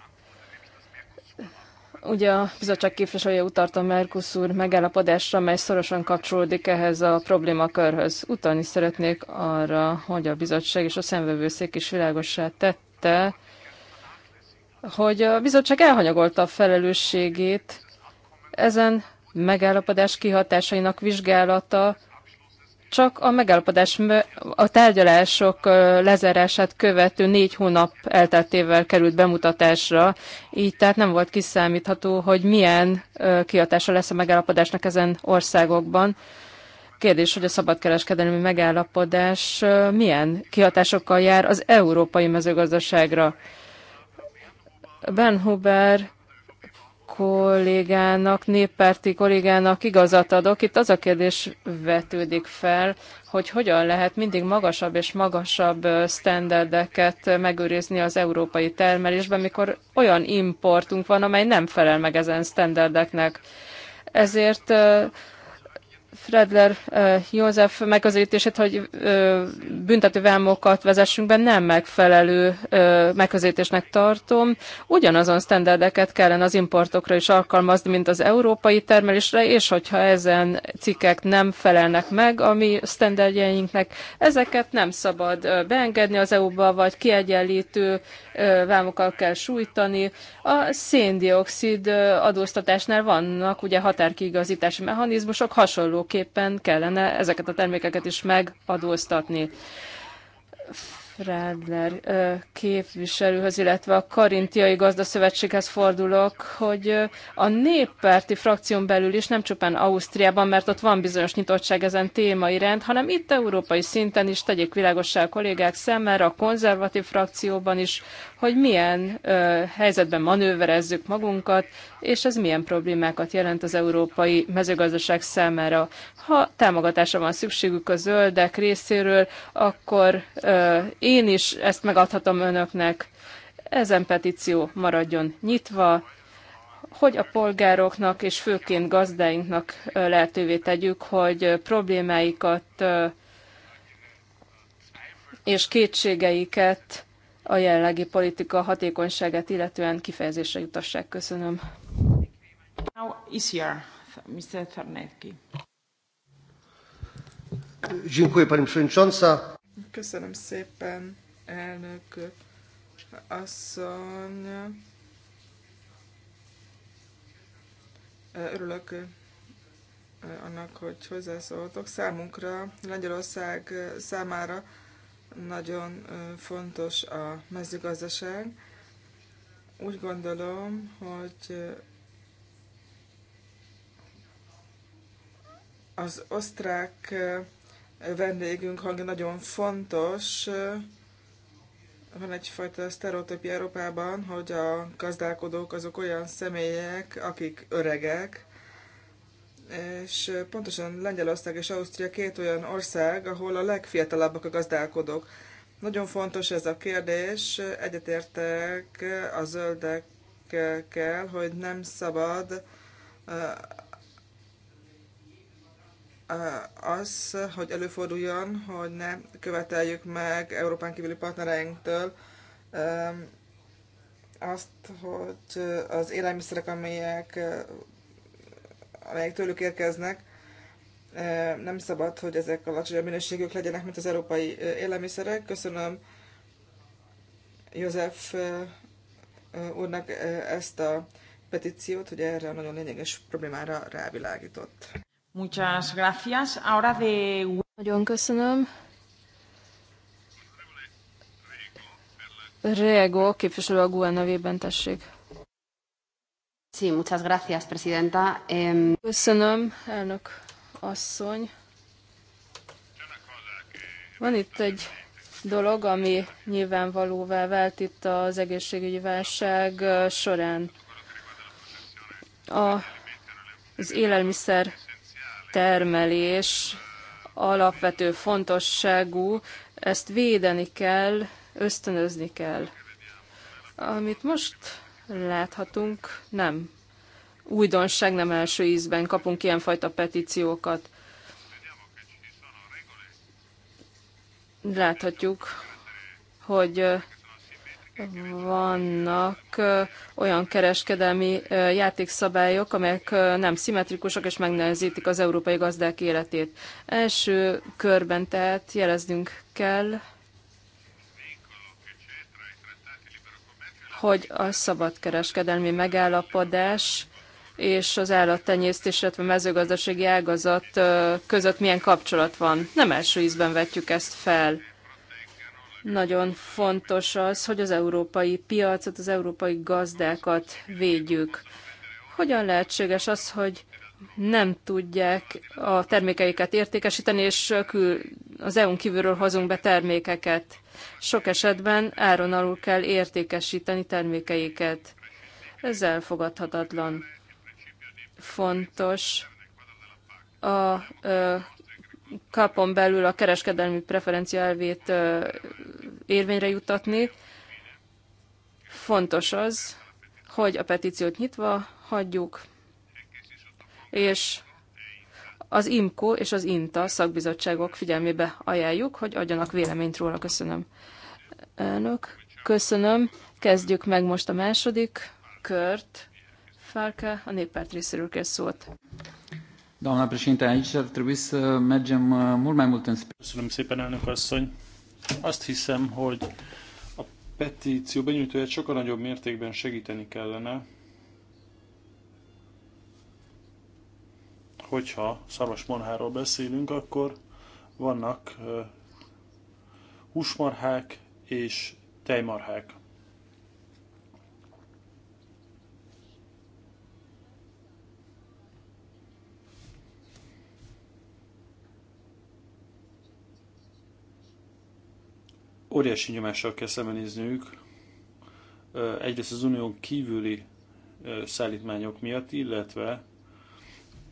Ugye a bizottság képviselője utalt a Mercosur megállapodásra, mely szorosan kapcsolódik ehhez a problémakörhöz. Utalni szeretnék arra, hogy a bizottság és a szemvevőszék is világossá tette, hogy a bizottság elhanyagolta a felelősségét ezen megállapodás kihatásainak vizsgálata csak a megállapodás, a tárgyalások lezárását követő négy hónap elteltével került bemutatásra, így tehát nem volt kiszámítható, hogy milyen kiadása lesz a megállapodásnak ezen országokban. Kérdés, hogy a szabadkereskedelmi megállapodás milyen kihatásokkal jár az európai mezőgazdaságra. Ben Huber kollégának, néppárti kollégának igazat adok. Itt az a kérdés vetődik fel, hogy hogyan lehet mindig magasabb és magasabb standardeket megőrizni az európai termelésben, mikor olyan importunk van, amely nem felel meg ezen standardeknek. Ezért Fredler József megközelítését, hogy vámokat vezessünk be, nem megfelelő megközelítésnek tartom. Ugyanazon sztenderdeket kellene az importokra is alkalmazni, mint az európai termelésre, és hogyha ezen cikkek nem felelnek meg a mi sztenderdjeinknek, ezeket nem szabad beengedni az EU-ba, vagy kiegyenlítő vámokkal kell sújtani. A széndiokszid adóztatásnál vannak ugye határkiigazítási mechanizmusok, hasonlóképpen kellene ezeket a termékeket is megadóztatni Rádler képviselőhöz, illetve a Karintiai Gazdaszövetséghez fordulok, hogy a néppárti frakción belül is nem csupán Ausztriában, mert ott van bizonyos nyitottság ezen téma iránt, hanem itt európai szinten is tegyék világossá a kollégák szemmel, a konzervatív frakcióban is, hogy milyen ö, helyzetben manőverezzük magunkat, és ez milyen problémákat jelent az európai mezőgazdaság számára. Ha támogatásra van szükségük a zöldek részéről, akkor ö, én is ezt megadhatom önöknek. Ezen petíció maradjon nyitva, hogy a polgároknak és főként gazdáinknak lehetővé tegyük, hogy problémáikat és kétségeiket a jelenlegi politika hatékonyságát illetően
kifejezésre jutassák. Köszönöm. Now Mr. E Czarnecki.
Köszönöm szépen, elnök asszony. Örülök eh, annak, hogy hozzászóltok. Számunkra, Lengyelország számára nagyon fontos a mezőgazdaság. Úgy gondolom, hogy az osztrák vendégünk hangja nagyon fontos. Van egyfajta sztereotípia Európában, hogy a gazdálkodók azok olyan személyek, akik öregek, és pontosan Lengyelország és Ausztria két olyan ország, ahol a legfiatalabbak a gazdálkodók. Nagyon fontos ez a kérdés, egyetértek a zöldekkel, hogy nem szabad az, hogy előforduljon, hogy ne követeljük meg Európán kívüli partnereinktől azt, hogy az élelmiszerek, amelyek amelyek tőlük érkeznek, nem szabad, hogy ezek alacsonyabb minőségűek legyenek, mint az európai élelmiszerek. Köszönöm József úrnak ezt a petíciót, hogy erre a nagyon lényeges problémára rávilágított.
Muchas gracias. Ahora de... Nagyon köszönöm.
Rego, képviselő a GUE nevében tessék. Sí, muchas gracias, presidenta. Köszönöm, elnök asszony. Van itt egy dolog, ami nyilvánvalóvá vált itt az egészségügyi válság során. A, az élelmiszer termelés alapvető fontosságú, ezt védeni kell, ösztönözni kell. Amit most láthatunk, nem újdonság, nem első ízben kapunk ilyenfajta petíciókat. Láthatjuk, hogy vannak olyan kereskedelmi játékszabályok, amelyek nem szimmetrikusak és megnehezítik az európai gazdák életét. Első körben tehát jeleznünk kell, hogy a szabadkereskedelmi megállapodás és az állattenyésztés, illetve mezőgazdasági ágazat között milyen kapcsolat van. Nem első ízben vetjük ezt fel. Nagyon fontos az, hogy az európai piacot, az európai gazdákat védjük. Hogyan lehetséges az, hogy nem tudják a termékeiket értékesíteni, és kül, az EU-n kívülről hozunk be termékeket. Sok esetben áron alul kell értékesíteni termékeiket. Ez elfogadhatatlan. Fontos a ö, kapon belül a kereskedelmi preferencia elvét ö, érvényre juttatni. Fontos az, hogy a petíciót nyitva hagyjuk, és az IMCO és az INTA szakbizottságok figyelmébe ajánljuk, hogy adjanak véleményt róla. Köszönöm. Elnök, köszönöm. Kezdjük meg most a második kört. Farka, a néppárt részéről kér szót.
Doamna președinte, aici ar trebui să mergem uh, mult mai mult în Köszönöm szépen, elnök asszony. Azt hiszem, hogy a petíció benyújtóját sokkal nagyobb mértékben segíteni kellene, hogyha szaros marháról beszélünk, akkor vannak húsmarhák és tejmarhák. Óriási nyomással kell szembenézniük egyrészt az unión kívüli szállítmányok miatt, illetve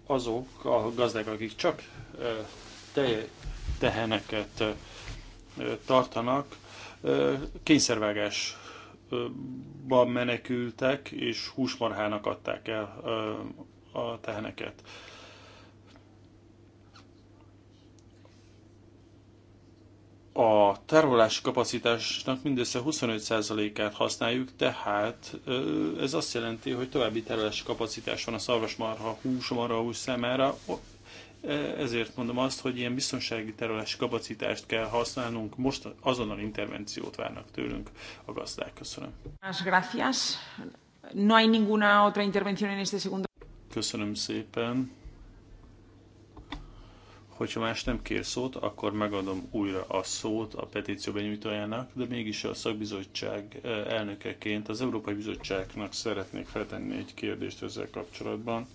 azok a gazdák, akik csak te, teheneket tartanak, kényszervágásban menekültek, és húsmarhának adták el a teheneket. a tárolási kapacitásnak mindössze 25%-át használjuk, tehát ez azt jelenti, hogy további tárolási kapacitás van a szarvasmarha hús, számára. Ezért mondom azt, hogy ilyen biztonsági tárolási kapacitást kell használnunk, most azonnal intervenciót várnak tőlünk a gazdák. Köszönöm.
Gracias. No hay ninguna otra intervención en este segundo.
Köszönöm szépen. Hogyha más nem kér szót, akkor megadom újra a szót a petíció benyújtójának, de mégis a szakbizottság eh, elnökeként az Európai Bizottságnak szeretnék feltenni egy kérdést ezzel kapcsolatban.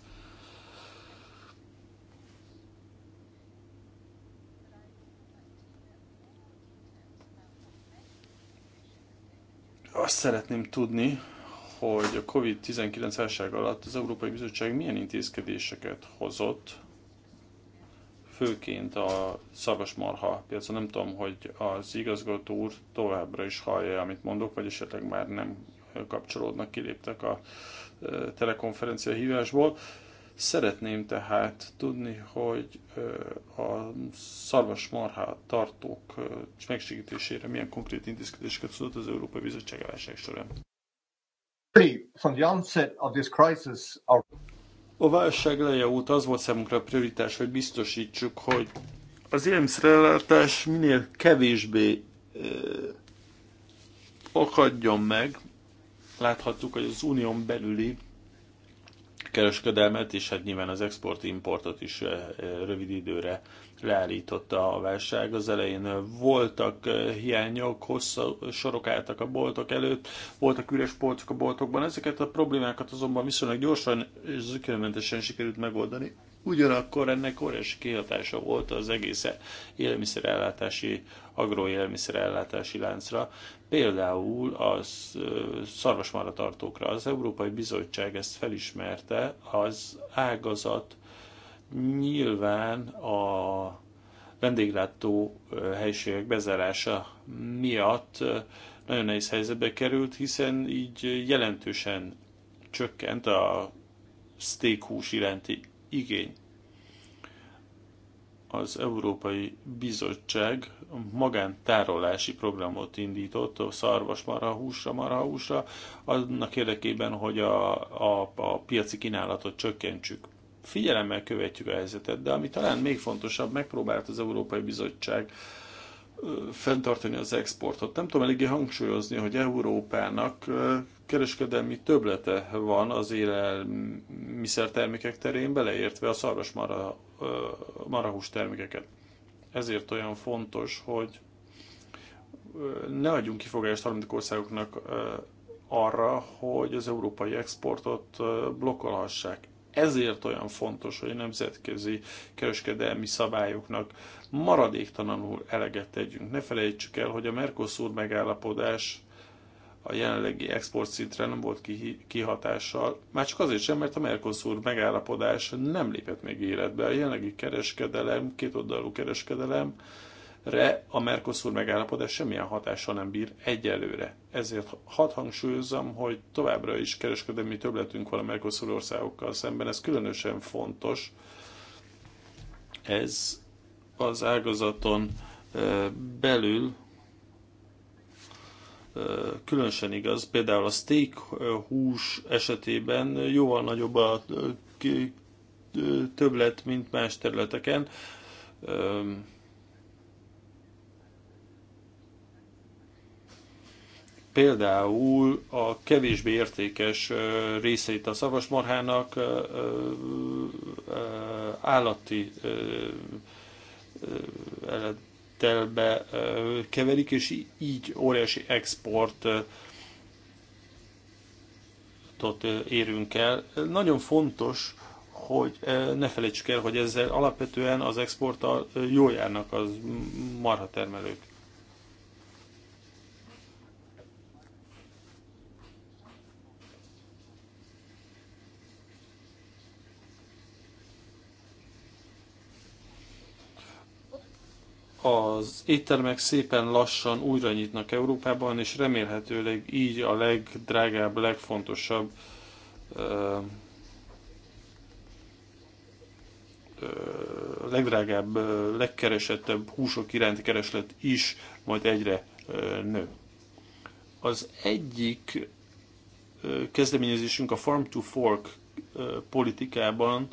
Azt szeretném tudni, hogy a COVID-19 válság alatt az Európai Bizottság milyen intézkedéseket hozott, főként a szarvasmarha piacon. Nem tudom, hogy az igazgató úr továbbra is hallja, amit mondok, vagy esetleg már nem kapcsolódnak, kiléptek a telekonferencia hívásból. Szeretném tehát tudni, hogy a marha tartók megsegítésére milyen konkrét intézkedéseket szült az Európai Bizottság során. A válság leje óta az volt számunkra a prioritás, hogy biztosítsuk, hogy az élelmiszerellátás minél kevésbé ö, akadjon meg. Láthattuk, hogy az unión belüli kereskedelmet, és hát nyilván az export-importot is ö, rövid időre leállította a válság. Az elején voltak eh, hiányok, hosszú sorok álltak a boltok előtt, voltak üres polcok a boltokban. Ezeket a problémákat azonban viszonylag gyorsan és zökkenőmentesen sikerült megoldani. Ugyanakkor ennek óriási kihatása volt az egész élelmiszerellátási, agroélelmiszerellátási láncra, például a eh, szarvasmaratartókra. Az Európai Bizottság ezt felismerte, az ágazat Nyilván a vendéglátó helységek bezárása miatt nagyon nehéz helyzetbe került, hiszen így jelentősen csökkent a steakhús iránti igény. Az Európai Bizottság magántárolási programot indított a szarvasmarha húsra, marha húsra, annak érdekében, hogy a, a, a piaci kínálatot csökkentsük. Figyelemmel követjük a helyzetet, de ami talán még fontosabb, megpróbált az Európai Bizottság fenntartani az exportot. Nem tudom eléggé hangsúlyozni, hogy Európának kereskedelmi töblete van az termékek terén, beleértve a szarvas mara, marahús termékeket. Ezért olyan fontos, hogy ne adjunk kifogást harmadik országoknak arra, hogy az európai exportot blokkolhassák. Ezért olyan fontos, hogy a nemzetközi kereskedelmi szabályoknak maradéktalanul eleget tegyünk. Ne felejtsük el, hogy a Mercosur megállapodás a jelenlegi export szintre nem volt kihatással, már csak azért sem, mert a Mercosur megállapodás nem lépett még életbe. A jelenlegi kereskedelem, kétoldalú kereskedelem re a Mercosur megállapodás semmilyen hatása nem bír egyelőre. Ezért hadd hangsúlyozzam, hogy továbbra is kereskedelmi többletünk van a Mercosur országokkal szemben, ez különösen fontos. Ez az ágazaton belül különösen igaz. Például a steak hús esetében jóval nagyobb a többlet, mint más területeken például a kevésbé értékes részeit a szavasmarhának állati elettelbe keverik, és így óriási export érünk el. Nagyon fontos, hogy ne felejtsük el, hogy ezzel alapvetően az exporttal jól járnak az marhatermelők. az éttermek szépen lassan újra nyitnak Európában, és remélhetőleg így a legdrágább, legfontosabb ö, ö, legdrágább, legkeresettebb húsok iránti kereslet is majd egyre ö, nő. Az egyik kezdeményezésünk a Farm to Fork politikában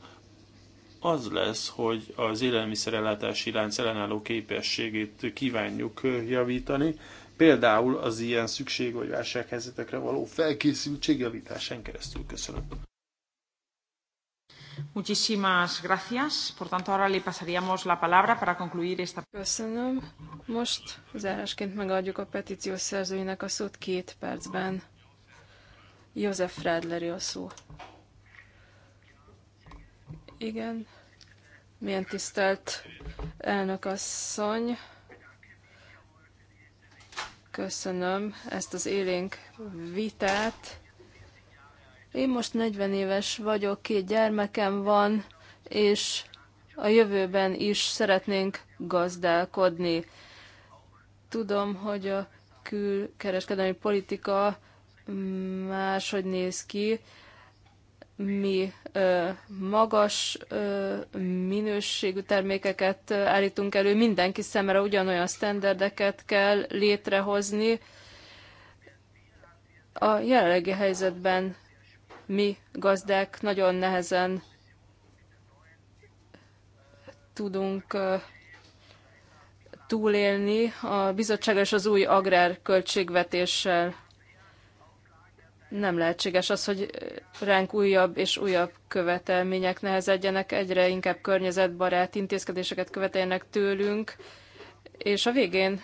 az lesz, hogy az élelmiszerellátási lánc ellenálló képességét kívánjuk javítani, például az ilyen szükség vagy válsághelyzetekre való felkészültség javításán keresztül. Köszönöm.
Muchísimas gracias. Por tanto, ahora le pasaríamos la palabra para concluir esta... Köszönöm. Most
zárásként megadjuk a petíció szerzőinek a szót két percben. József Fredleri a szó. Igen. Milyen tisztelt elnök asszony. Köszönöm ezt az élénk vitát. Én most 40 éves vagyok, két gyermekem van, és a jövőben is szeretnénk gazdálkodni. Tudom, hogy a külkereskedelmi politika máshogy néz ki, mi magas minőségű termékeket állítunk elő, mindenki szemre ugyanolyan sztenderdeket kell létrehozni. A jelenlegi helyzetben mi gazdák nagyon nehezen tudunk túlélni a bizottság és az új agrárköltségvetéssel nem lehetséges az, hogy ránk újabb és újabb követelmények nehezedjenek, egyre inkább környezetbarát intézkedéseket követeljenek tőlünk, és a végén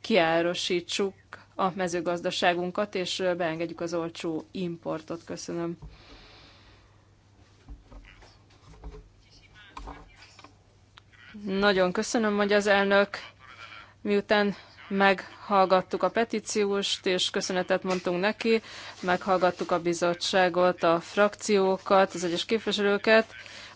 kiárosítsuk a mezőgazdaságunkat, és beengedjük az olcsó importot. Köszönöm. Nagyon köszönöm, hogy az elnök miután meghallgattuk a petícióst, és köszönetet mondtunk neki, meghallgattuk a bizottságot, a frakciókat, az egyes képviselőket.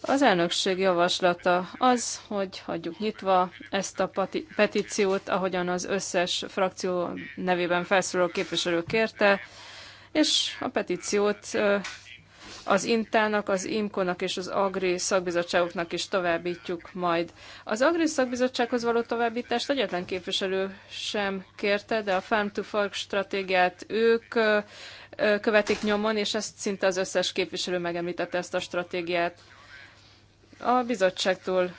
Az elnökség javaslata az, hogy hagyjuk nyitva ezt a petíciót, ahogyan az összes frakció nevében felszóló képviselő kérte, és a petíciót az Intának, az Imkonak és az Agri szakbizottságoknak is továbbítjuk majd. Az Agri szakbizottsághoz való továbbítást egyetlen képviselő sem kérte, de a Farm to Fork stratégiát ők követik nyomon, és ezt szinte az összes képviselő megemlítette ezt a stratégiát. A bizottságtól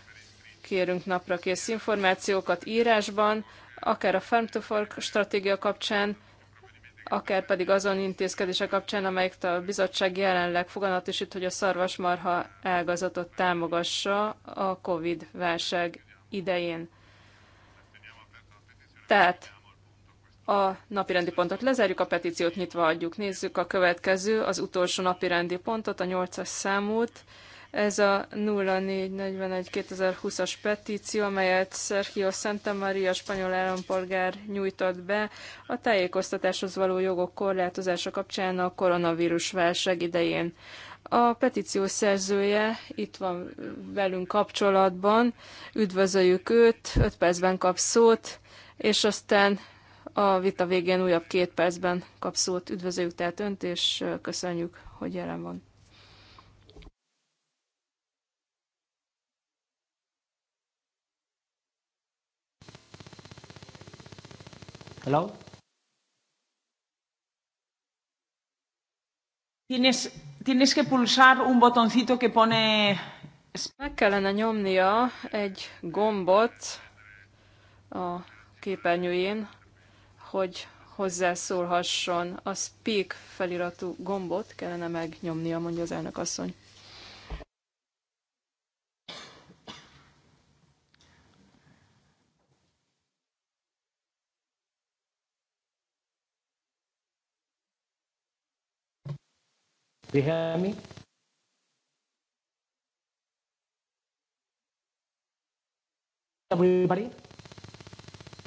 kérünk napra kész információkat írásban, akár a Farm to Fork stratégia kapcsán, akár pedig azon intézkedése kapcsán, amelyek a bizottság jelenleg foganatosít, hogy a szarvasmarha ágazatot támogassa a COVID válság idején. Tehát a napirendi pontot lezárjuk, a petíciót nyitva adjuk. Nézzük a következő, az utolsó napirendi pontot, a nyolcas számút. Ez a 0441-2020-as petíció, amelyet Sergio Santa Maria spanyol állampolgár nyújtott be a tájékoztatáshoz való jogok korlátozása kapcsán a koronavírus válság idején. A petíció szerzője itt van velünk kapcsolatban, üdvözöljük őt, 5 percben kap szót, és aztán a vita végén újabb két percben kap szót. Üdvözöljük tehát önt, és köszönjük, hogy jelen van.
Hello? Tienes, tienes que pulsar un botoncito que pone... Meg kellene nyomnia egy gombot a képernyőjén,
hogy hozzászólhasson. A speak feliratú gombot kellene megnyomnia, mondja az elnök asszony.
Do you hear me everybody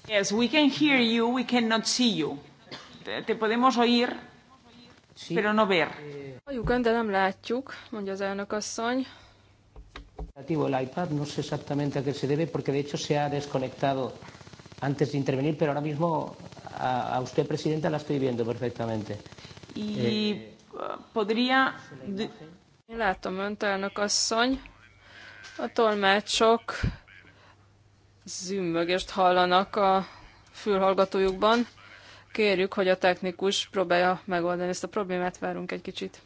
yes we can hear you we cannot see you te te podemos oír sí. pero no ver
Halljuk de nem látjuk, mondja az elnök asszony.
El iPad, no sé exactamente a qué se debe, porque de hecho se ha desconectado antes de intervenir, pero ahora mismo a, a usted, Presidenta, la estoy viendo perfectamente. Y eh,
podría... Én látom önt, elnök asszony. A tolmácsok zümmögést hallanak a fülhallgatójukban. Kérjük, hogy a technikus próbálja megoldani ezt a problémát, várunk egy kicsit.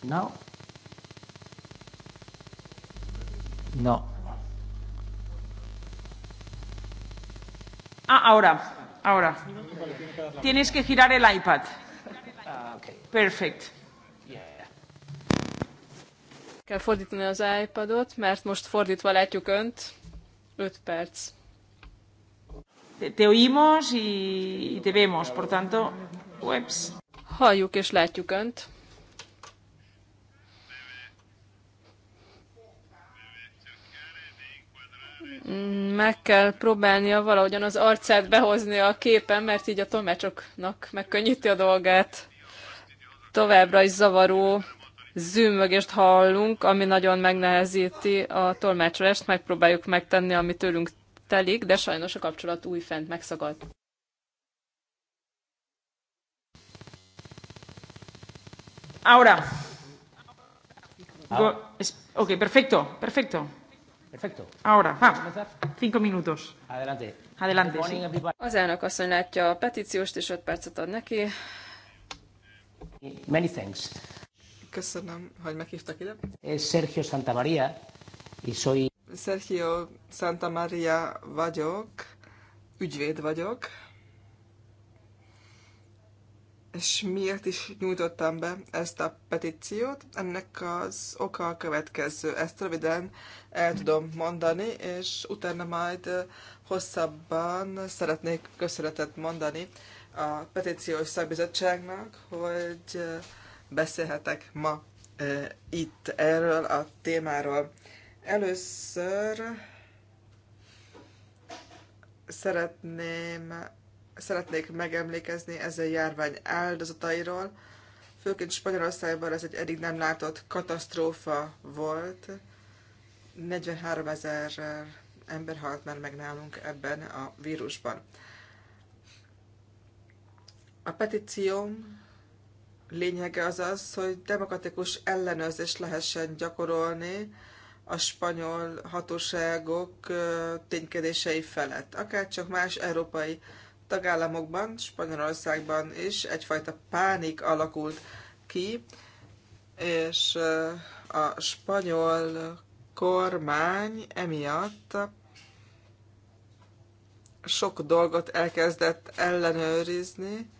No. No.
Ah, ahora, ahora. Tienes que girar el iPad. Ah, okay, perfect. Yeah. Kell fordítani az iPadot, mert most fordítva látjuk önt. 5 perc. Te, te oímos y te vemos, por tanto, webs. Halljuk és látjuk
önt. meg kell próbálnia valahogyan az arcát behozni a képen, mert így a tomácsoknak megkönnyíti a dolgát továbbra is zavaró zűmögést hallunk, ami nagyon megnehezíti a tolmácsolást, megpróbáljuk megtenni, ami tőlünk telik, de sajnos a kapcsolat újfent megszakadt.
Ahora. Go, es, ok, perfecto, perfecto. Perfecto. Ahora, ha, cinco minutos. Adelante. Adelante. Sí.
Az elnök asszony látja a petíciót, és öt percet ad neki.
Many thanks.
Köszönöm, hogy meghívtak ide.
Eh, Sergio Santa Maria, és soy...
Sergio Santa Maria vagyok, ügyvéd vagyok, és miért is nyújtottam be ezt a petíciót? Ennek az oka a következő. Ezt röviden el tudom mondani, és utána majd hosszabban szeretnék köszönetet mondani a petíciós szakbizottságnak, hogy beszélhetek ma itt erről a témáról. Először szeretném, szeretnék megemlékezni ezen járvány áldozatairól. Főként Spanyolországban ez egy eddig nem látott katasztrófa volt. 43 ezer ember halt már meg nálunk ebben a vírusban. A petíció lényege az az, hogy demokratikus ellenőrzés lehessen gyakorolni a spanyol hatóságok ténykedései felett. Akárcsak más európai tagállamokban, Spanyolországban is egyfajta pánik alakult ki, és a spanyol kormány emiatt sok dolgot elkezdett ellenőrizni,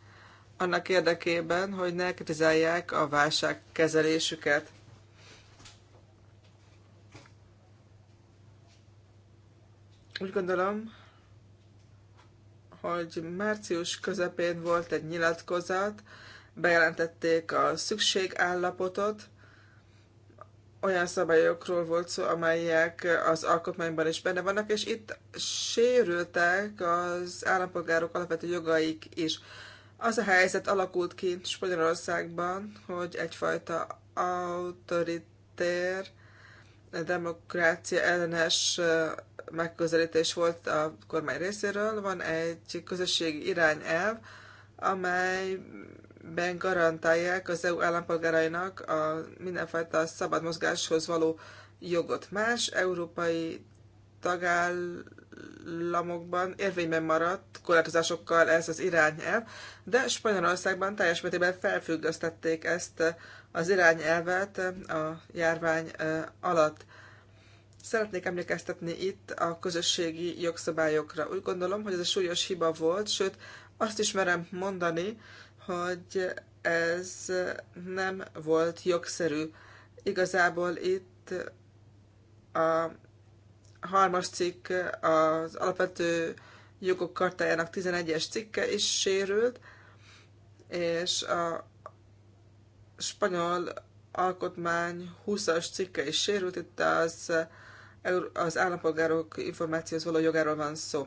annak érdekében, hogy ne kritizálják a válság kezelésüket, Úgy gondolom, hogy március közepén volt egy nyilatkozat, bejelentették a szükségállapotot, olyan szabályokról volt szó, amelyek az alkotmányban is benne vannak, és itt sérültek az állampolgárok alapvető jogaik is. Az a helyzet alakult ki Spanyolországban, hogy egyfajta autoritér demokrácia ellenes megközelítés volt a kormány részéről. Van egy közösségi irányelv, amelyben garantálják az EU állampolgárainak a mindenfajta szabad mozgáshoz való jogot. Más európai tagáll tagállamokban érvényben maradt korlátozásokkal ez az irányelv, de Spanyolországban teljes mértékben felfüggesztették ezt az irányelvet a járvány alatt. Szeretnék emlékeztetni itt a közösségi jogszabályokra. Úgy gondolom, hogy ez a súlyos hiba volt, sőt azt is merem mondani, hogy ez nem volt jogszerű. Igazából itt a hármas cikk az alapvető jogok kartájának 11-es cikke is sérült, és a spanyol alkotmány 20-as cikke is sérült, itt az, az állampolgárok információhoz való jogáról van szó.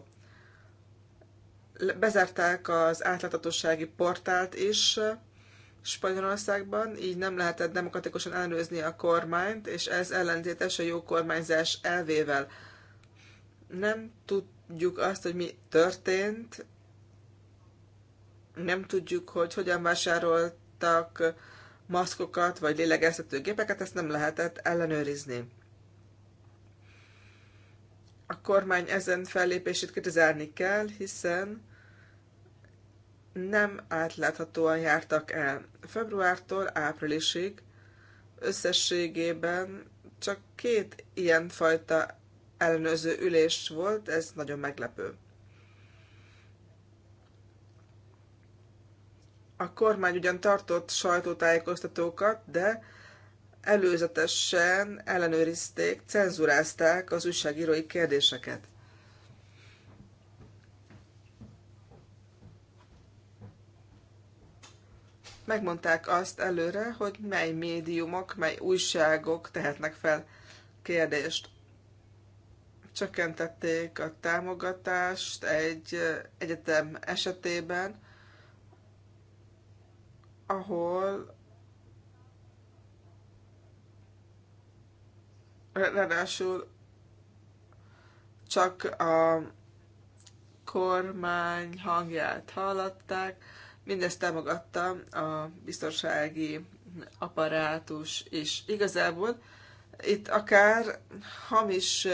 Bezárták az átláthatósági portált is Spanyolországban, így nem lehetett demokratikusan ellenőrizni a kormányt, és ez ellentétes a jó kormányzás elvével nem tudjuk azt, hogy mi történt, nem tudjuk, hogy hogyan vásároltak maszkokat vagy gépeket, ezt nem lehetett ellenőrizni. A kormány ezen fellépését kritizálni kell, hiszen nem átláthatóan jártak el. Februártól áprilisig összességében csak két ilyenfajta ellenőrző ülés volt, ez nagyon meglepő. A kormány ugyan tartott sajtótájékoztatókat, de előzetesen ellenőrizték, cenzurázták az újságírói kérdéseket. Megmondták azt előre, hogy mely médiumok, mely újságok tehetnek fel kérdést csökkentették a támogatást egy egyetem esetében, ahol ráadásul csak a kormány hangját hallatták, mindezt támogatta a biztonsági apparátus is. Igazából itt akár hamis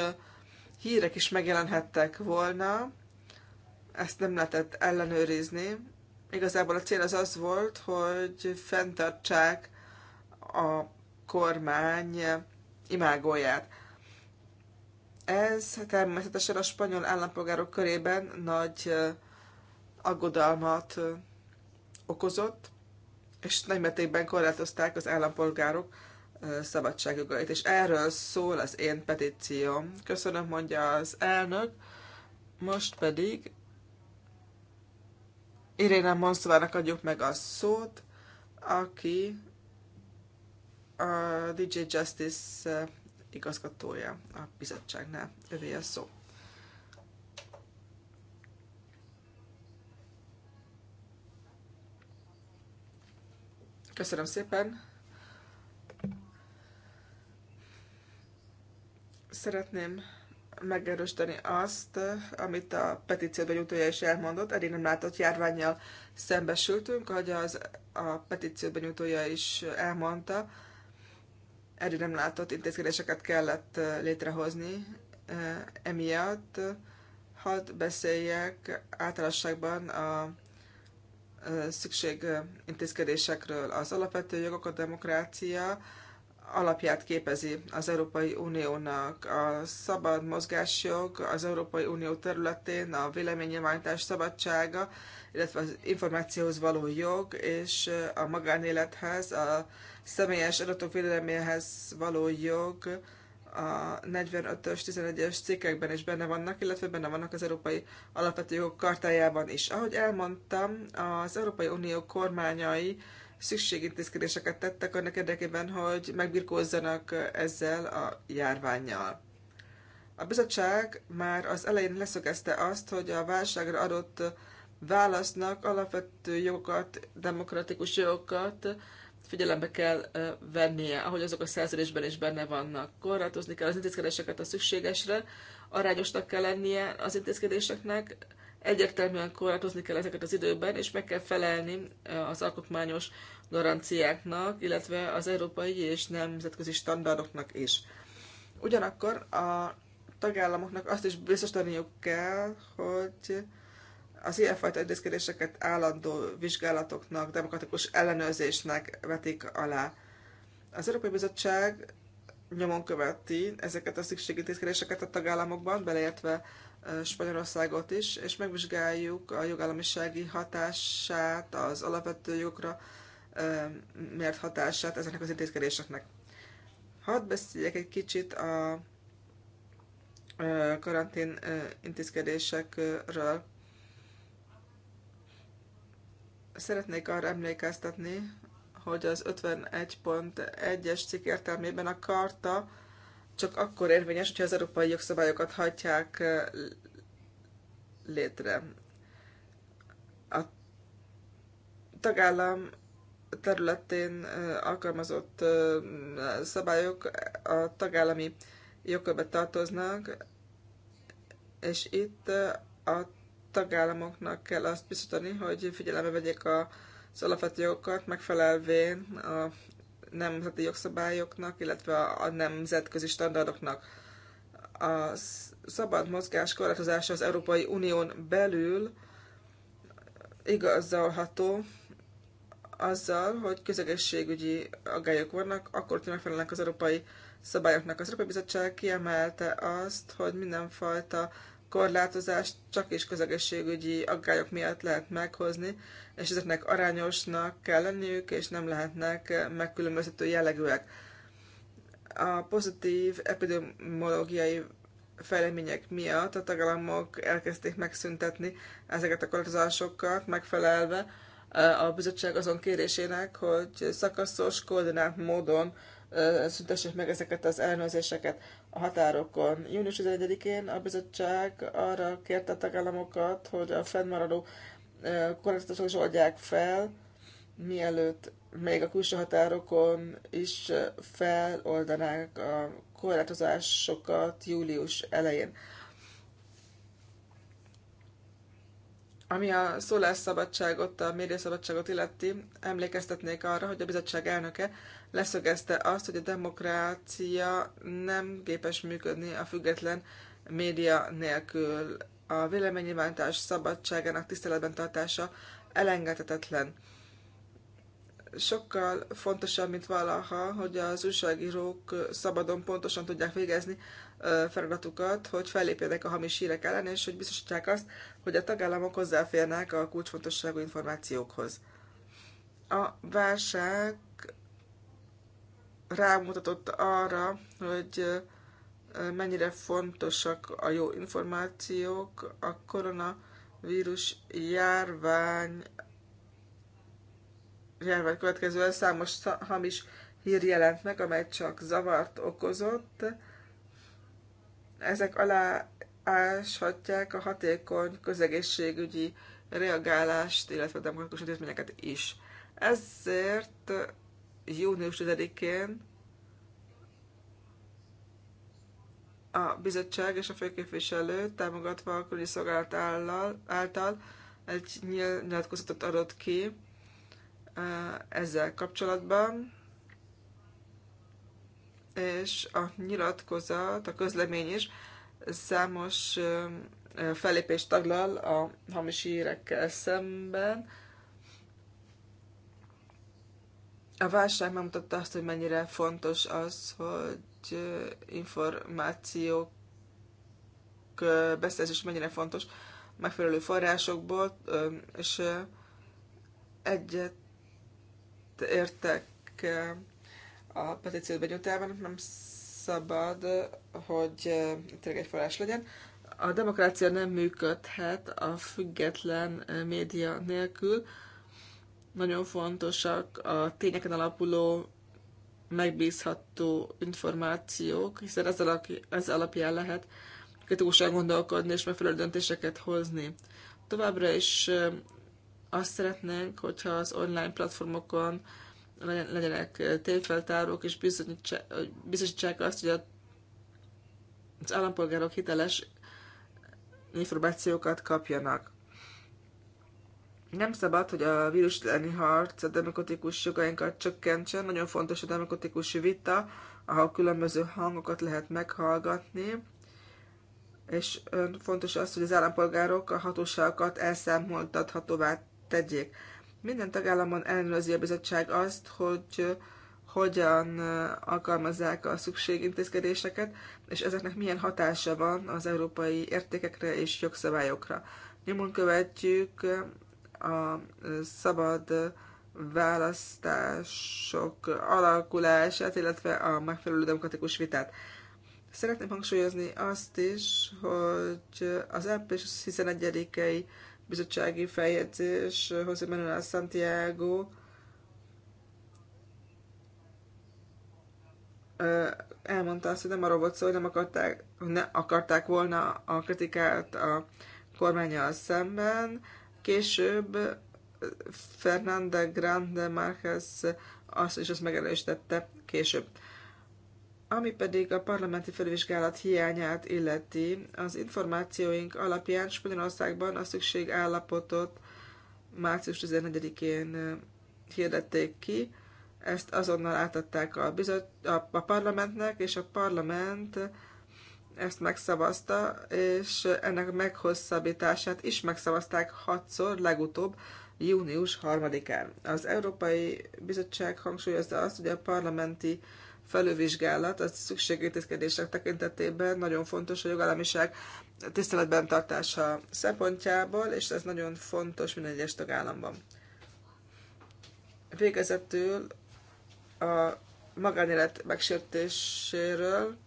hírek is megjelenhettek volna, ezt nem lehetett ellenőrizni. Igazából a cél az az volt, hogy fenntartsák a kormány imágóját. Ez természetesen a spanyol állampolgárok körében nagy aggodalmat okozott, és mértékben korlátozták az állampolgárok szabadságjogait. És erről szól az én petícióm. Köszönöm, mondja az elnök. Most pedig Iréna Monszovának adjuk meg a szót, aki a DJ Justice igazgatója a bizottságnál. Övé a szó. Köszönöm szépen! szeretném megerősíteni azt, amit a petíció benyújtója is elmondott, eddig nem látott járványjal szembesültünk, ahogy az, a petíció benyújtója is elmondta, eddig nem látott intézkedéseket kellett eh, létrehozni, eh, emiatt hadd beszéljek általánosságban a eh, szükség intézkedésekről. Az alapvető jogok, a demokrácia, alapját képezi az Európai Uniónak. A szabad mozgásjog az Európai Unió területén, a véleménynyilvánítás szabadsága, illetve az információhoz való jog és a magánélethez, a személyes adatok védelméhez való jog a 45-ös, 11-es cikkekben is benne vannak, illetve benne vannak az Európai Alapvető Jogok Kartájában is. Ahogy elmondtam, az Európai Unió kormányai szükségintézkedéseket tettek annak érdekében, hogy megbirkózzanak ezzel a járványjal. A bizottság már az elején leszögezte azt, hogy a válságra adott válasznak alapvető jogokat, demokratikus jogokat figyelembe kell vennie, ahogy azok a szerződésben is benne vannak. Korlátozni kell az intézkedéseket a szükségesre, arányosnak kell lennie az intézkedéseknek, Egyértelműen korlátozni kell ezeket az időben, és meg kell felelni az alkotmányos garanciáknak, illetve az európai és nemzetközi standardoknak is. Ugyanakkor a tagállamoknak azt is biztosítaniuk kell, hogy az ilyenfajta intézkedéseket állandó vizsgálatoknak, demokratikus ellenőrzésnek vetik alá. Az Európai Bizottság nyomon követi ezeket a szükségintézkedéseket a tagállamokban, beleértve Spanyolországot is, és megvizsgáljuk a jogállamisági hatását, az alapvető jogokra mért hatását ezeknek az intézkedéseknek. Hadd beszéljek egy kicsit a karantén intézkedésekről. Szeretnék arra emlékeztetni, hogy az 51.1-es cikk értelmében a karta csak akkor érvényes, hogyha az európai jogszabályokat hagyják létre. A tagállam területén alkalmazott szabályok a tagállami jogkörbe tartoznak, és itt a tagállamoknak kell azt biztosítani, hogy figyelembe vegyék az alapvető jogokat, megfelelvén a nemzeti jogszabályoknak, illetve a nemzetközi standardoknak. A szabad mozgás korlátozása az Európai Unión belül igazolható azzal, hogy közegészségügyi aggályok vannak, akkor tényleg megfelelnek az európai szabályoknak. Az Európai Bizottság kiemelte azt, hogy mindenfajta korlátozást csak is közegészségügyi aggályok miatt lehet meghozni, és ezeknek arányosnak kell lenniük, és nem lehetnek megkülönböztető jellegűek. A pozitív epidemiológiai fejlemények miatt a tagállamok elkezdték megszüntetni ezeket a korlátozásokat, megfelelve eh, a bizottság azon kérésének, hogy szakaszos, koordinált módon szüntessék meg ezeket az ellenőrzéseket a határokon. Június 11-én a bizottság arra kérte a tagállamokat, hogy a fennmaradó korlátozásokat oldják fel, mielőtt még a külső határokon is feloldanák a korlátozásokat július elején. Ami a szólásszabadságot, a médiaszabadságot illeti, emlékeztetnék arra, hogy a bizottság elnöke leszögezte azt, hogy a demokrácia nem képes működni a független média nélkül. A véleménynyilvántás szabadságának tiszteletben tartása elengedhetetlen. Sokkal fontosabb, mint valaha, hogy az újságírók szabadon pontosan tudják végezni feladatukat, hogy fellépjenek a hamis hírek ellen, és hogy biztosítják azt, hogy a tagállamok hozzáférnek a kulcsfontosságú információkhoz. A válság rámutatott arra, hogy mennyire fontosak a jó információk a koronavírus járvány járvány következően számos hamis hír jelent meg, amely csak zavart okozott. Ezek alá áshatják a hatékony közegészségügyi reagálást, illetve a demokratikus intézményeket is. Ezért június 10-én a bizottság és a főképviselő támogatva a külügyi szolgálat által egy nyilatkozatot adott ki ezzel kapcsolatban, és a nyilatkozat, a közlemény is számos fellépést taglal a hamis hírekkel szemben, A válság megmutatta azt, hogy mennyire fontos az, hogy információk beszerzés mennyire fontos megfelelő forrásokból, és egyet értek a petíciót benyújtában, nem szabad, hogy tényleg egy forrás legyen. A demokrácia nem működhet a független média nélkül, nagyon fontosak a tényeken alapuló, megbízható információk, hiszen ez, alapj- ez alapján lehet kritikusan gondolkodni és megfelelő döntéseket hozni. Továbbra is azt szeretnénk, hogyha az online platformokon legyenek tévfeltárók, és biztosítsák azt, hogy az állampolgárok hiteles információkat kapjanak. Nem szabad, hogy a vírus elleni harc a demokratikus jogainkat csökkentsen. Nagyon fontos a demokratikus vita, ahol különböző hangokat lehet meghallgatni, és fontos az, hogy az állampolgárok a hatóságokat elszámoltathatóvá tegyék. Minden tagállamon ellenőrzi a bizottság azt, hogy hogyan alkalmazzák a szükségintézkedéseket, és ezeknek milyen hatása van az európai értékekre és jogszabályokra. Nyomon követjük a szabad választások alakulását, illetve a megfelelő demokratikus vitát. Szeretném hangsúlyozni azt is, hogy az a 11 bizottsági feljegyzés José Manuel Santiago elmondta azt, hogy nem arról volt szó, hogy nem akarták, hogy ne akarták volna a kritikát a kormányjal szemben, Később Fernanda Grande Marquez azt is azt megerősítette később. Ami pedig a parlamenti felvizsgálat hiányát illeti, az információink alapján Spanyolországban a szükségállapotot március 14-én hirdették ki, ezt azonnal átadták a, bizot, a, a parlamentnek, és a parlament ezt megszavazta, és ennek a meghosszabbítását is megszavazták hatszor, legutóbb június 3-án. Az Európai Bizottság hangsúlyozza azt, hogy a parlamenti felülvizsgálat az szükségintézkedések tekintetében nagyon fontos a jogállamiság tiszteletben tartása szempontjából, és ez nagyon fontos minden egyes tagállamban. Végezetül a magánélet megsértéséről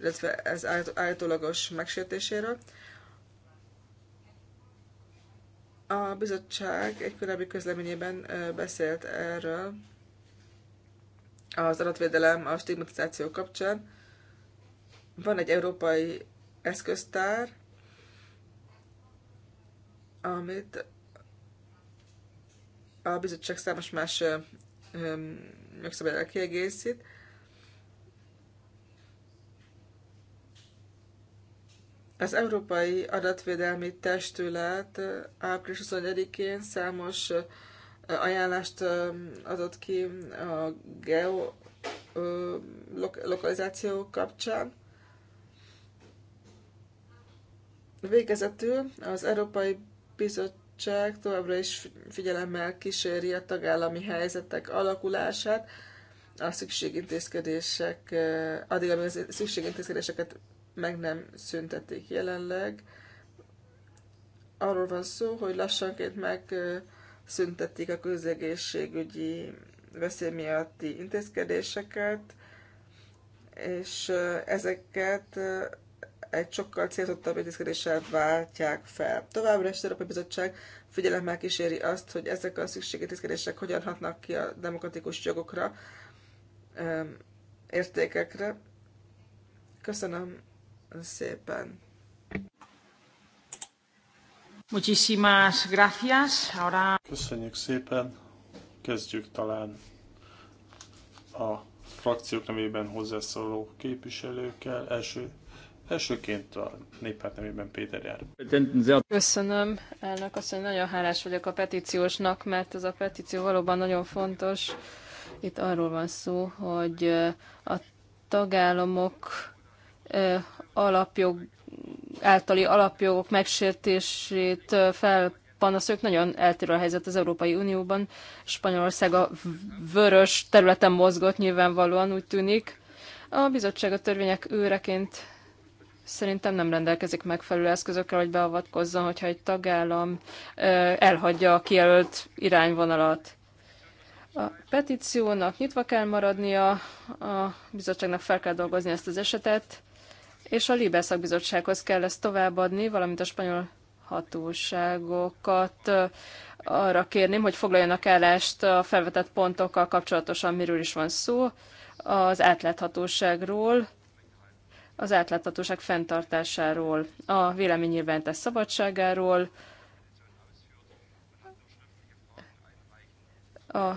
illetve ez állítólagos megsértéséről. A bizottság egy korábbi közleményében beszélt erről az adatvédelem a stigmatizáció kapcsán. Van egy európai eszköztár, amit a bizottság számos más jogszabályra kiegészít. Az Európai Adatvédelmi Testület április 21-én számos ajánlást adott ki a geolokalizáció kapcsán. Végezetül az Európai Bizottság továbbra is figyelemmel kíséri a tagállami helyzetek alakulását, a szükségintézkedések, addig, amíg a szükségintézkedéseket meg nem szüntetik jelenleg. Arról van szó, hogy lassanként megszüntetik a közegészségügyi veszély miatti intézkedéseket, és ezeket egy sokkal célzottabb intézkedéssel váltják fel. Továbbra is az Európai Bizottság figyelemmel kíséri azt, hogy ezek a intézkedések hogyan hatnak ki a demokratikus jogokra, értékekre. Köszönöm szépen.
Muchísimas gracias. Ahora...
Köszönjük szépen. Kezdjük talán a frakciók nevében hozzászóló képviselőkkel. Első, elsőként a néppárt nevében Péter jár.
Köszönöm, elnök asszony, nagyon hálás vagyok a petíciósnak, mert ez a petíció valóban nagyon fontos. Itt arról van szó, hogy a tagállamok alapjog, általi alapjogok megsértését fel panaszok, nagyon eltérő a helyzet az Európai Unióban. Spanyolország a vörös területen mozgott nyilvánvalóan, úgy tűnik. A bizottság a törvények őreként szerintem nem rendelkezik megfelelő eszközökkel, hogy beavatkozzon, hogyha egy tagállam elhagyja a kijelölt irányvonalat. A petíciónak nyitva kell maradnia, a bizottságnak fel kell dolgozni ezt az esetet, és a Libe szakbizottsághoz kell ezt továbbadni, valamint a spanyol hatóságokat arra kérném, hogy foglaljanak állást a felvetett pontokkal kapcsolatosan, miről is van szó, az átláthatóságról, az átláthatóság fenntartásáról, a véleménynyilvántás szabadságáról, a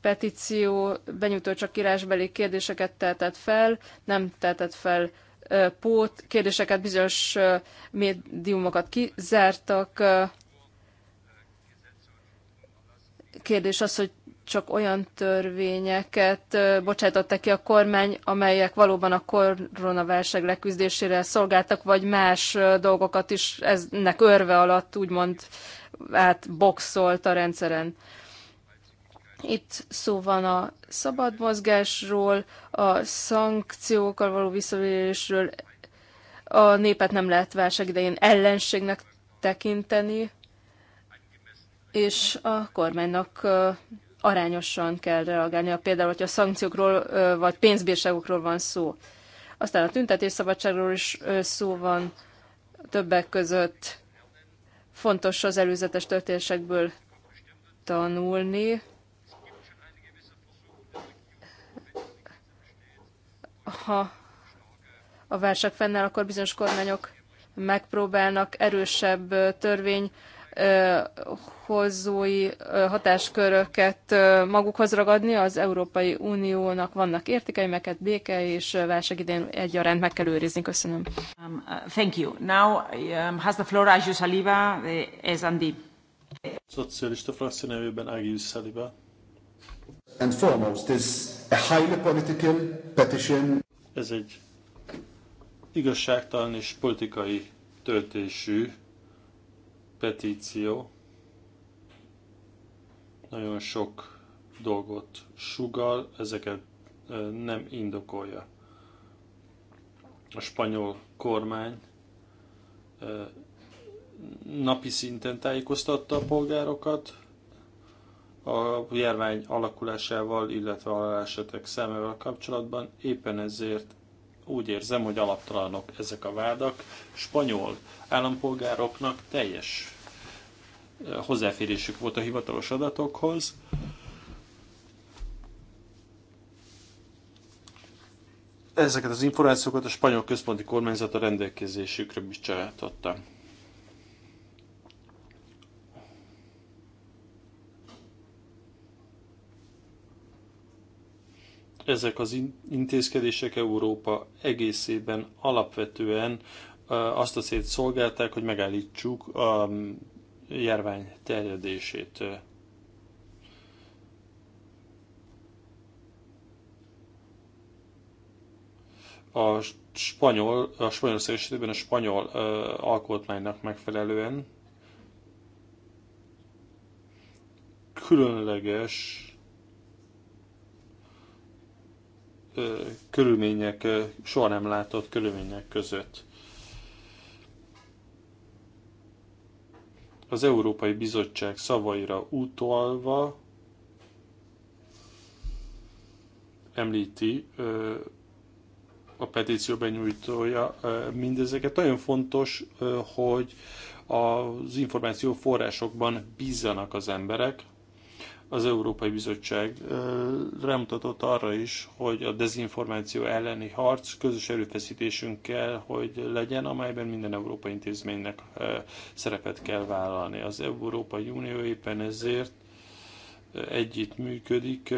petíció benyújtó csak írásbeli kérdéseket tehetett fel, nem tehetett fel pót kérdéseket, bizonyos médiumokat kizártak. Kérdés az, hogy csak olyan törvényeket bocsátottak ki a kormány, amelyek valóban a koronaválság leküzdésére szolgáltak, vagy más dolgokat is eznek örve alatt úgymond átboxolt a rendszeren. Itt szó van a szabad mozgásról, a szankciókkal való visszavérésről, a népet nem lehet válság idején ellenségnek tekinteni, és a kormánynak arányosan kell reagálnia, például, hogyha szankciókról vagy pénzbírságokról van szó. Aztán a tüntetés szabadságról is szó van többek között. Fontos az előzetes történésekből tanulni, ha a válság fennáll, akkor bizonyos kormányok megpróbálnak erősebb törvény hozói hatásköröket magukhoz ragadni. Az Európai Uniónak vannak értékei, meket hát béke és válság idején egyaránt meg kell őrizni. Köszönöm.
Um, uh, thank you. Now um, has the floor Agius Saliba, uh, S&D.
Szocialista frakció nevében Agius Saliba and foremost
is a
highly political
petition.
Ez egy igazságtalan és politikai töltésű petíció. Nagyon sok dolgot sugal, ezeket nem indokolja. A spanyol kormány napi szinten tájékoztatta a polgárokat, a járvány alakulásával, illetve esetek számával kapcsolatban. Éppen ezért úgy érzem, hogy alaptalanok ezek a vádak. Spanyol állampolgároknak teljes eh, hozzáférésük volt a hivatalos adatokhoz. Ezeket az információkat a spanyol központi kormányzat a rendelkezésükre bocsátotta. Ezek az intézkedések Európa egészében alapvetően azt a célt szolgálták, hogy megállítsuk a járvány terjedését. A spanyol, a spanyol esetében a spanyol alkotmánynak megfelelően különleges körülmények, soha nem látott körülmények között. Az Európai Bizottság szavaira utalva említi a petíció benyújtója mindezeket. Nagyon fontos, hogy az információ forrásokban bízzanak az emberek, az Európai Bizottság remutatott arra is, hogy a dezinformáció elleni harc közös erőfeszítésünk kell, hogy legyen, amelyben minden európai intézménynek szerepet kell vállalni. Az Európai Unió éppen ezért együtt működik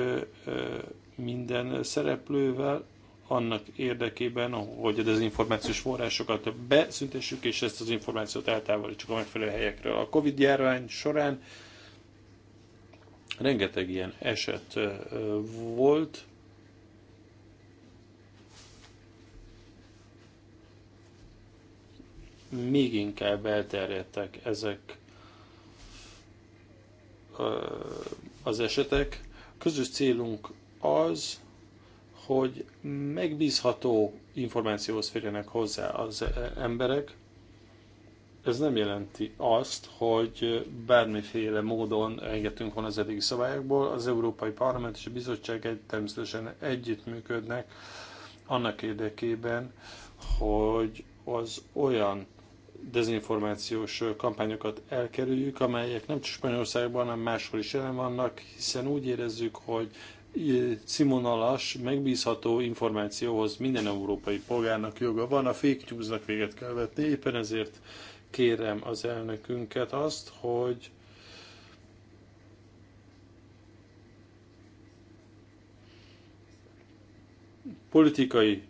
minden szereplővel, annak érdekében, hogy a dezinformációs forrásokat beszüntessük, és ezt az információt eltávolítsuk a megfelelő helyekről. A Covid járvány során Rengeteg ilyen eset volt, még inkább elterjedtek ezek az esetek. Közös célunk az, hogy megbízható információhoz férjenek hozzá az e-, emberek, ez nem jelenti azt, hogy bármiféle módon engedtünk volna az eddigi szabályokból. Az Európai Parlament és a Bizottság egy, természetesen együttműködnek annak érdekében, hogy az olyan dezinformációs kampányokat elkerüljük, amelyek nem csak Spanyolországban, hanem máshol is jelen vannak, hiszen úgy érezzük, hogy cimonalas, megbízható információhoz minden európai polgárnak joga van, a fake newsnak véget kell vetni, éppen ezért kérem az elnökünket azt, hogy politikai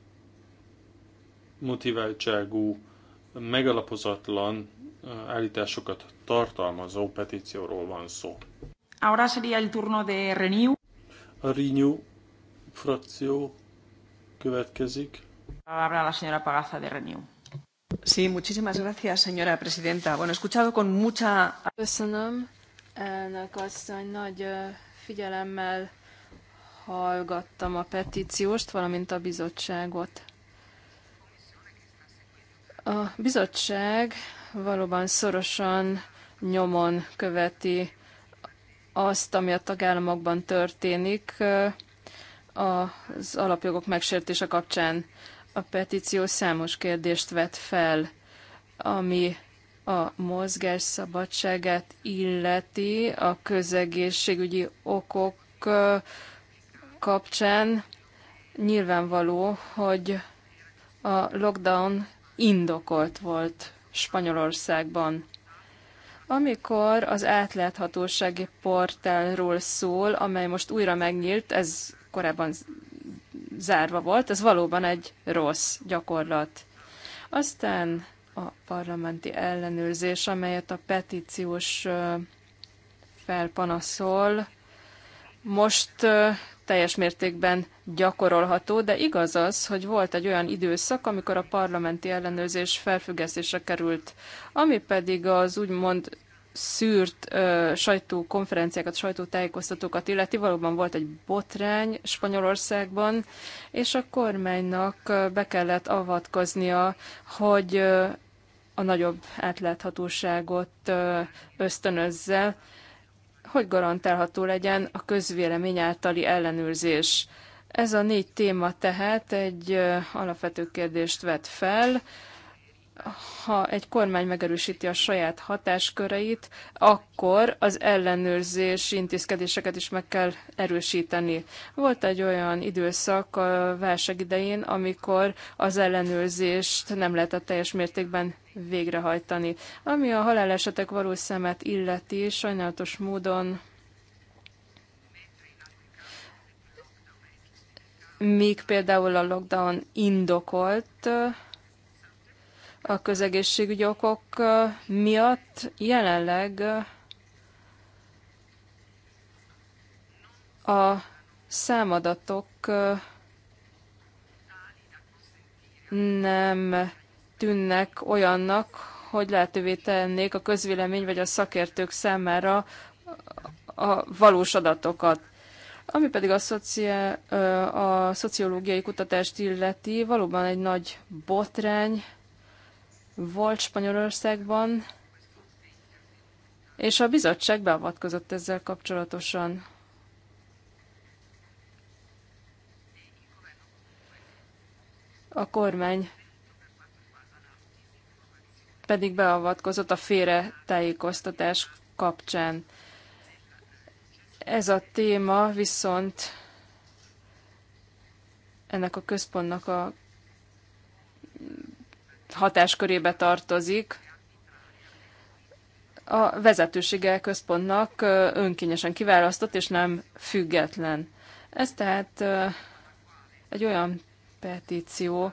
motiváltságú, megalapozatlan állításokat tartalmazó petícióról van szó.
Ahora sería el turno de Renew.
A Renew frakció következik. Habla la señora Pagaza de Renew.
Sí, muchísimas gracias, señora presidenta. Bueno, he escuchado con mucha... Köszönöm,
elnök asszony, nagy figyelemmel hallgattam a petícióst, valamint a bizottságot. A bizottság valóban szorosan nyomon követi azt, ami a tagállamokban történik az alapjogok megsértése kapcsán. A petíció számos kérdést vet fel, ami a mozgás szabadságát illeti a közegészségügyi okok kapcsán. Nyilvánvaló, hogy a lockdown indokolt volt Spanyolországban. Amikor az átláthatósági portálról szól, amely most újra megnyílt, ez korábban zárva volt. Ez valóban egy rossz gyakorlat. Aztán a parlamenti ellenőrzés, amelyet a petíciós felpanaszol, most teljes mértékben gyakorolható, de igaz az, hogy volt egy olyan időszak, amikor a parlamenti ellenőrzés felfüggesztésre került, ami pedig az úgymond szűrt ö, sajtókonferenciákat, sajtótájékoztatókat illeti, valóban volt egy botrány Spanyolországban, és a kormánynak be kellett avatkoznia, hogy ö, a nagyobb átláthatóságot ö, ösztönözze, hogy garantálható legyen a közvélemény általi ellenőrzés. Ez a négy téma tehát egy ö, alapvető kérdést vet fel, ha egy kormány megerősíti a saját hatásköreit, akkor az ellenőrzési intézkedéseket is meg kell erősíteni. Volt egy olyan időszak a válság idején, amikor az ellenőrzést nem lehetett teljes mértékben végrehajtani. Ami a halálesetek valós szemet illeti, sajnálatos módon míg például a lockdown indokolt, a közegészségügyi okok miatt jelenleg a számadatok nem tűnnek olyannak, hogy lehetővé tennék a közvélemény vagy a szakértők számára a valós adatokat. Ami pedig a, szocia, a szociológiai kutatást illeti, valóban egy nagy botrány volt Spanyolországban, és a bizottság beavatkozott ezzel kapcsolatosan. A kormány pedig beavatkozott a tájékoztatás kapcsán. Ez a téma viszont ennek a központnak a hatáskörébe tartozik. A vezetősége központnak önkényesen kiválasztott, és nem független. Ez tehát egy olyan petíció,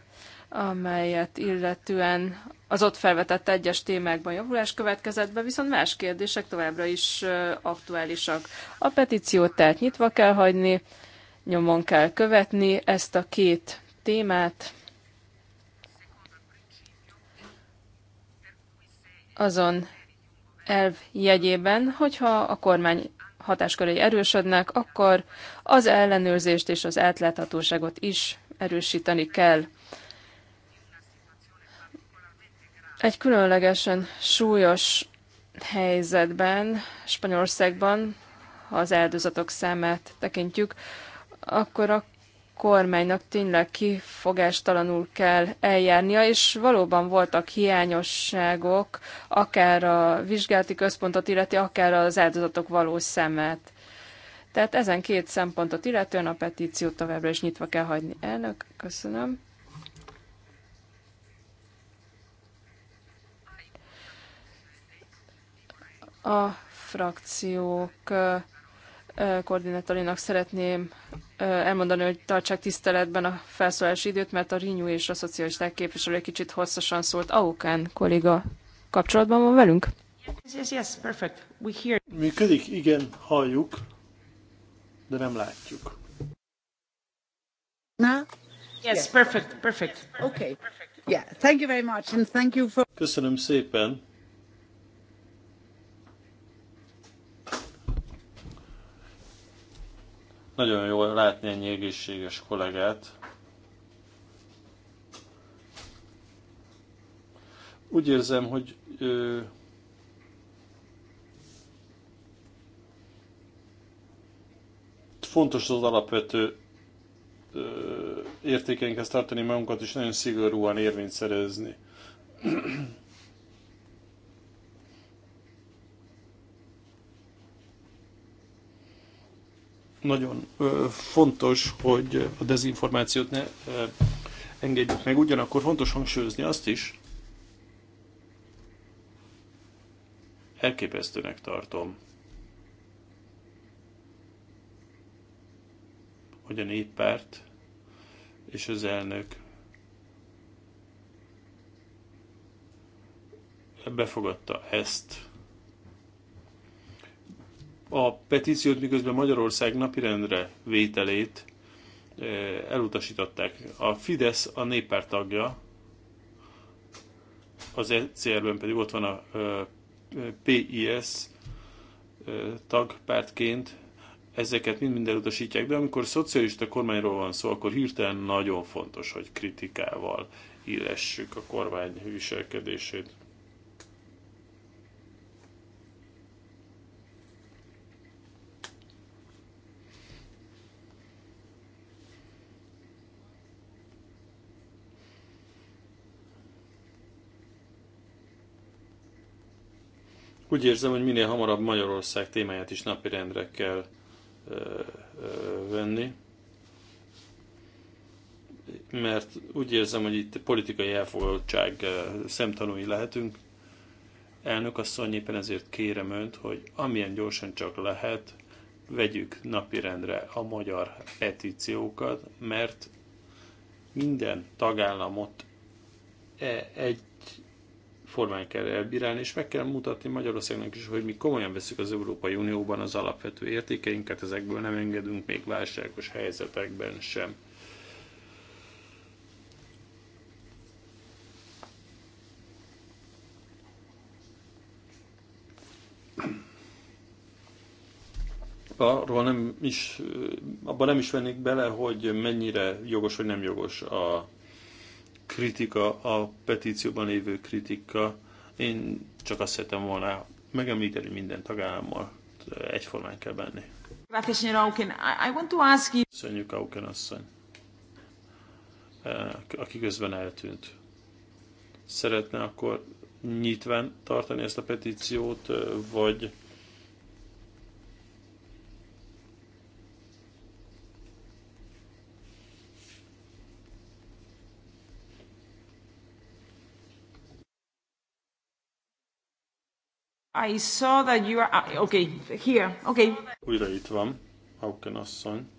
amelyet illetően az ott felvetett egyes témákban javulás következett be, viszont más kérdések továbbra is aktuálisak. A petíciót tehát nyitva kell hagyni, nyomon kell követni ezt a két témát, azon elv jegyében, hogyha a kormány hatáskörei erősödnek, akkor az ellenőrzést és az átláthatóságot is erősíteni kell. Egy különlegesen súlyos helyzetben, Spanyolországban, ha az áldozatok számát tekintjük, akkor a kormánynak tényleg kifogástalanul kell eljárnia, és valóban voltak hiányosságok, akár a vizsgálati központot illeti, akár az áldozatok valós szemet. Tehát ezen két szempontot illetően a petíciót továbbra is nyitva kell hagyni. Elnök, köszönöm. A frakciók koordinátorinak szeretném elmondani, hogy tartsák tiszteletben a felszólási időt, mert a Rinyú és a szocialisták képviselő kicsit hosszasan szólt. Aukán kolléga kapcsolatban van velünk?
Yes, yes, yes, perfect. We
hear... Működik? Igen, halljuk, de nem látjuk. Na? Yes, perfect, perfect. Okay. Yeah, thank you very much and thank you for... Köszönöm szépen Nagyon jó látni ennyi egészséges kollégát. Úgy érzem, hogy ö, fontos az alapvető értékeinkhez tartani magunkat, és nagyon szigorúan érvényt szerezni. Nagyon fontos, hogy a dezinformációt ne engedjük meg. Ugyanakkor fontos hangsúlyozni azt is, elképesztőnek tartom, hogy a néppárt és az elnök befogadta ezt a petíciót, miközben Magyarország napirendre vételét eh, elutasították. A Fidesz a néppárt tagja, az ECR-ben pedig ott van a eh, PIS eh, tagpártként, ezeket mind-mind elutasítják, de amikor szocialista kormányról van szó, akkor hirtelen nagyon fontos, hogy kritikával illessük a kormány viselkedését. Úgy érzem, hogy minél hamarabb Magyarország témáját is napirendre kell ö, ö, venni, mert úgy érzem, hogy itt politikai elfogadottság szemtanúi lehetünk. Elnök asszony, éppen ezért kérem önt, hogy amilyen gyorsan csak lehet, vegyük napirendre a magyar petíciókat, mert minden tagállamot e egy formán kell elbírálni, és meg kell mutatni Magyarországnak is, hogy mi komolyan veszük az Európai Unióban az alapvető értékeinket, ezekből nem engedünk még válságos helyzetekben sem. arról nem is, abban nem is vennék bele, hogy mennyire jogos vagy nem jogos a kritika, a petícióban lévő kritika, én csak azt szeretem volna megemlíteni, minden tagállammal eh, egyformán kell benni. Köszönjük, Auken asszony, eh, aki közben eltűnt. Szeretne akkor nyitven tartani ezt a petíciót, eh, vagy
I saw that you are... Uh,
okay, here, okay. Újra itt van, Hauken asszony.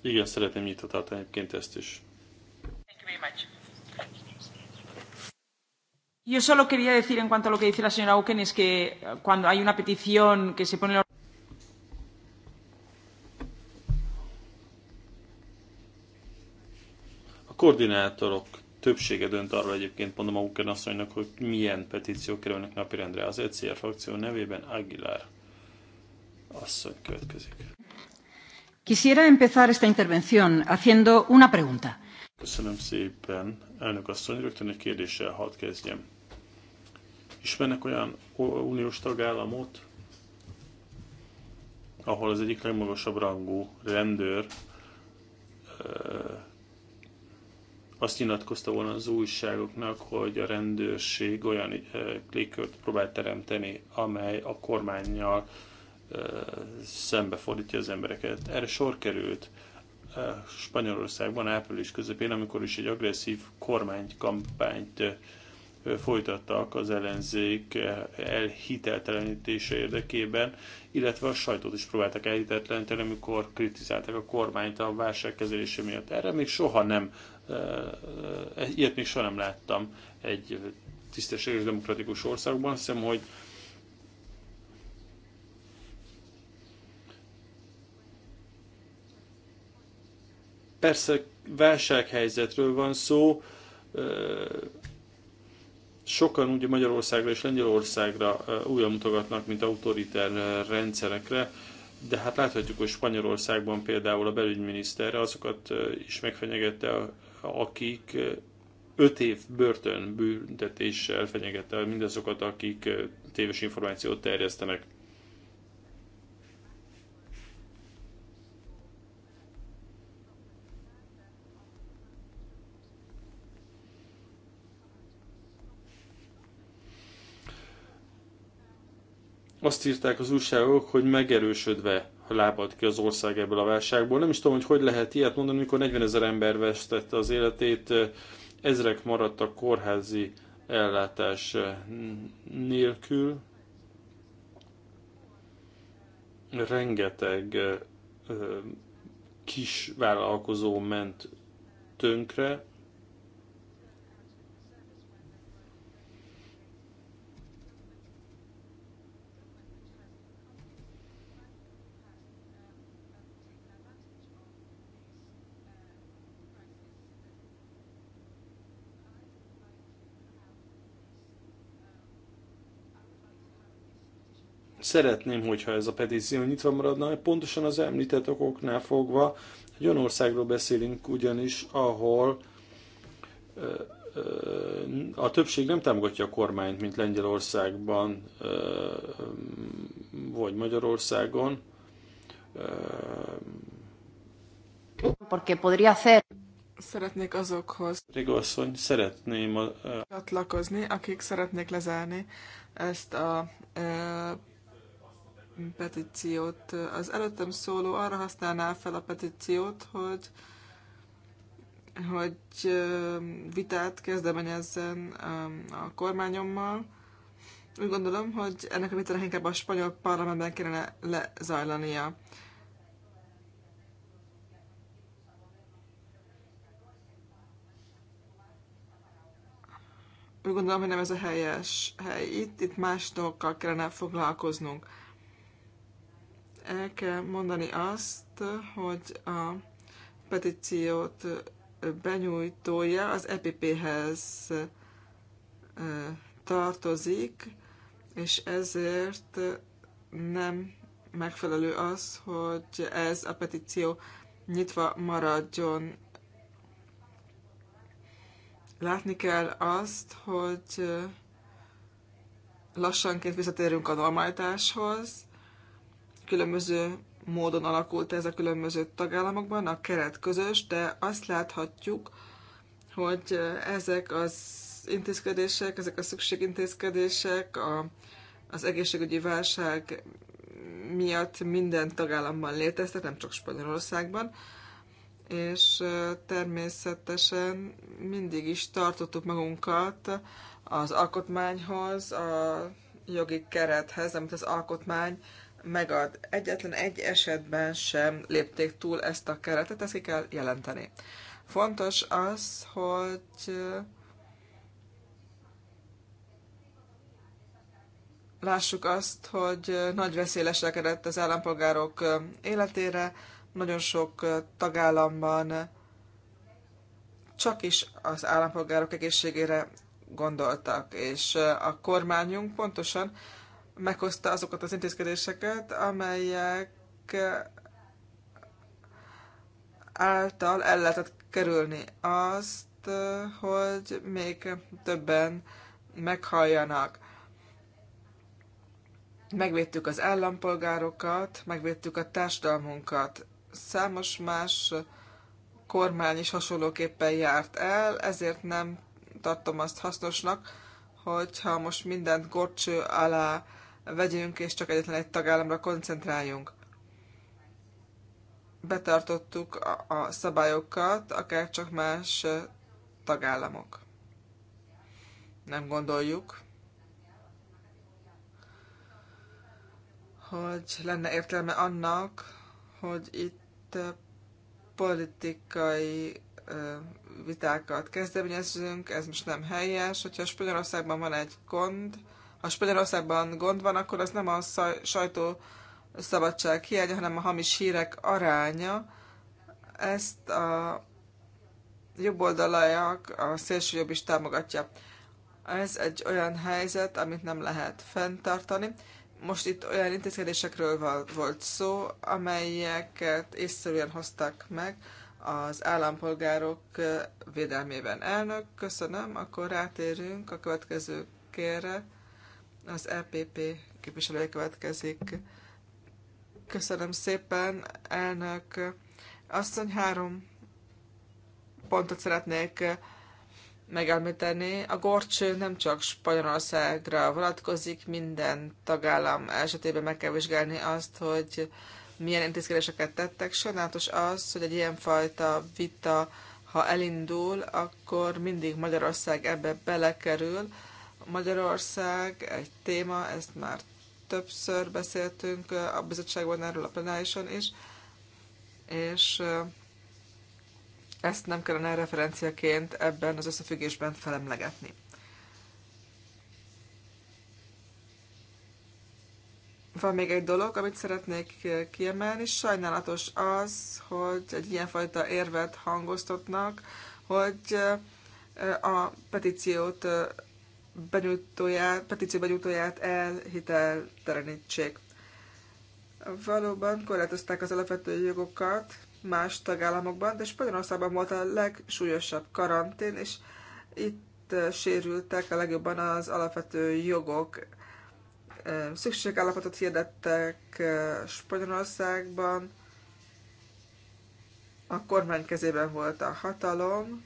Igen, szeretném nyitva tartani egyébként ezt is.
Yo solo quería decir en cuanto a lo que dice la señora Auken es que cuando hay una petición que se pone
koordinátorok többsége dönt arról egyébként, mondom Auken asszonynak, hogy milyen petíciók kerülnek napirendre. Az ECR frakció nevében Aguilar asszony következik.
Quisiera empezar esta intervención haciendo una pregunta.
Köszönöm szépen, elnök asszony, rögtön egy kérdéssel hadd kezdjem. Ismernek olyan uniós tagállamot, ahol az egyik legmagasabb rangú rendőr azt nyilatkozta volna az újságoknak, hogy a rendőrség olyan légkört próbál teremteni, amely a kormányjal szembefordítja az embereket. Erre sor került Spanyolországban április közepén, amikor is egy agresszív kormánykampányt folytattak az ellenzék elhiteltelenítése érdekében, illetve a sajtót is próbáltak elhiteltelenteni, amikor kritizálták a kormányt a kezelése miatt. Erre még soha nem E, ilyet még soha nem láttam egy tisztességes demokratikus országban. Azt hiszem, hogy persze válsághelyzetről van szó, sokan ugye Magyarországra és Lengyelországra újra mutogatnak, mint autoriter rendszerekre, de hát láthatjuk, hogy Spanyolországban például a belügyminiszterre azokat is megfenyegette, akik öt év börtön büntetéssel fenyegette mindazokat, akik téves információt terjesztenek. Azt írták az újságok, hogy megerősödve Lábad ki az ország ebből a válságból. Nem is tudom, hogy hogy lehet ilyet mondani, amikor 40 ezer ember vesztette az életét, ezrek maradtak kórházi ellátás nélkül. Rengeteg kis vállalkozó ment tönkre, Szeretném, hogyha ez a petíció nyitva maradna, pontosan az említett okoknál fogva, egy olyan országról beszélünk ugyanis, ahol a többség nem támogatja a kormányt, mint Lengyelországban vagy Magyarországon.
Porque podría ser. Szeretnék azokhoz.
Rigasszony, szeretném a,
csatlakozni, akik szeretnék lezárni ezt a petíciót. Az előttem szóló arra használná fel a petíciót, hogy hogy vitát kezdeményezzen a kormányommal. Úgy gondolom, hogy ennek a vitának inkább a spanyol parlamentben kellene lezajlania. Úgy gondolom, hogy nem ez a helyes hely itt, itt más dolgokkal kellene foglalkoznunk el kell mondani azt, hogy a petíciót benyújtója az EPP-hez tartozik, és ezért nem megfelelő az, hogy ez a petíció nyitva maradjon. Látni kell azt, hogy lassanként visszatérünk a normalitáshoz, különböző módon alakult ez a különböző tagállamokban, a keret közös, de azt láthatjuk, hogy ezek az intézkedések, ezek a szükségintézkedések a, az egészségügyi válság miatt minden tagállamban léteztek, nem csak Spanyolországban, és természetesen mindig is tartottuk magunkat az alkotmányhoz, a jogi kerethez, amit az alkotmány megad. Egyetlen egy esetben sem lépték túl ezt a keretet, ezt ki kell jelenteni. Fontos az, hogy lássuk azt, hogy nagy veszély leselkedett az állampolgárok életére, nagyon sok tagállamban csak is az állampolgárok egészségére gondoltak, és a kormányunk pontosan meghozta azokat az intézkedéseket, amelyek eh, által el lehetett kerülni azt, eh, hogy még többen meghalljanak. Megvédtük az állampolgárokat, megvédtük a társadalmunkat. Számos más kormány is hasonlóképpen járt el, ezért nem tartom azt hasznosnak, hogyha most mindent gorcső alá vegyünk, és csak egyetlen egy tagállamra koncentráljunk. Betartottuk a, a szabályokat, akár csak más tagállamok. Nem gondoljuk, hogy lenne értelme annak, hogy itt politikai vitákat kezdeményezünk, ez most nem helyes. Hogyha Spanyolországban van egy gond, ha Spanyolországban gond van, akkor az nem a sajtó szabadság hiánya, hanem a hamis hírek aránya. Ezt a jobb oldalaiak a szélső jobb is támogatja. Ez egy olyan helyzet, amit nem lehet fenntartani. Most itt olyan intézkedésekről volt szó, amelyeket észszerűen hoztak meg az állampolgárok eh, védelmében. Elnök, köszönöm, akkor rátérünk a következő kérre az EPP képviselője következik. Köszönöm szépen, elnök asszony, három pontot szeretnék megelmíteni. A gorcső nem csak Spanyolországra vonatkozik, minden tagállam esetében meg kell vizsgálni azt, hogy milyen intézkedéseket tettek. Sajnálatos az, hogy egy ilyenfajta vita, ha elindul, akkor mindig Magyarország ebbe belekerül, Magyarország egy téma, ezt már többször beszéltünk a bizottságban erről a plenárison is, és ezt nem kellene referenciaként ebben az összefüggésben felemlegetni. Van még egy dolog, amit szeretnék kiemelni. Sajnálatos az, hogy egy ilyenfajta érvet hangoztatnak, hogy a petíciót benyújtóját, petíció benyújtóját elhiteltelenítsék. Valóban korlátozták az alapvető jogokat más tagállamokban, de Spanyolországban volt a legsúlyosabb karantén, és itt sérültek a legjobban az alapvető jogok. Szükségállapotot hirdettek Spanyolországban, a kormány kezében volt a hatalom,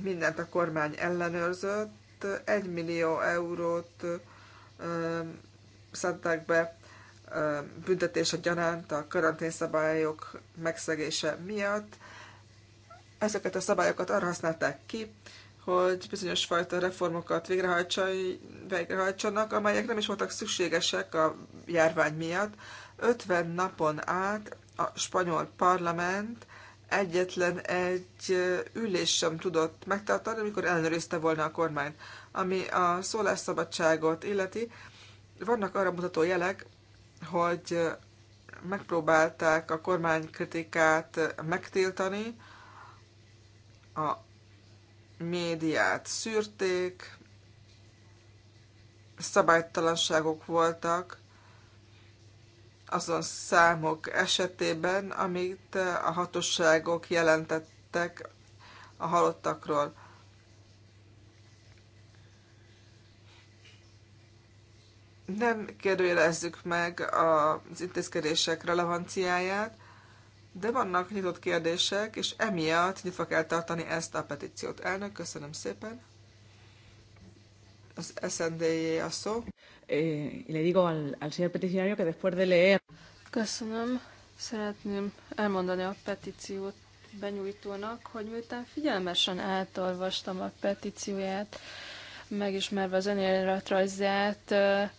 mindent a kormány ellenőrzött, 1 millió eurót szedtek be büntetése gyanánt a karanténszabályok megszegése miatt. Ezeket a szabályokat arra használták ki, hogy bizonyos fajta reformokat végrehajtsanak, amelyek nem is voltak szükségesek a járvány miatt. 50 napon át a spanyol parlament egyetlen egy ülés sem tudott megtartani, amikor ellenőrizte volna a kormányt. Ami a szólásszabadságot illeti, vannak arra mutató jelek, hogy megpróbálták a kormánykritikát megtiltani, a médiát szűrték, szabálytalanságok voltak azon számok esetében, amit a hatóságok jelentettek a halottakról. Nem kérdőjelezzük meg az intézkedések relevanciáját, de vannak nyitott kérdések, és emiatt nyitva kell tartani ezt a petíciót. Elnök, köszönöm szépen. Az snd a szó eh, y le digo al, al señor peticionario que después de leer. Köszönöm. Szeretném
elmondani a petíciót benyújtónak, hogy miután figyelmesen átolvastam a petícióját, megismerve az önéletrajzát, eh,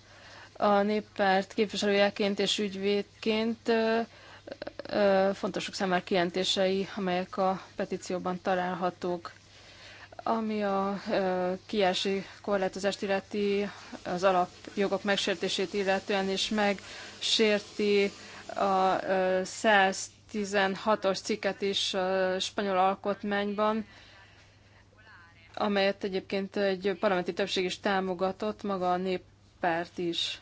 a néppárt képviselőjeként és ügyvédként eh, eh, fontosok számára kijelentései, amelyek a petícióban találhatók. Ami a kiási korlátozást illeti, az alapjogok megsértését illetően is megsérti a 116-os cikket is a spanyol alkotmányban, amelyet egyébként egy parlamenti többség is támogatott, maga a néppárt is.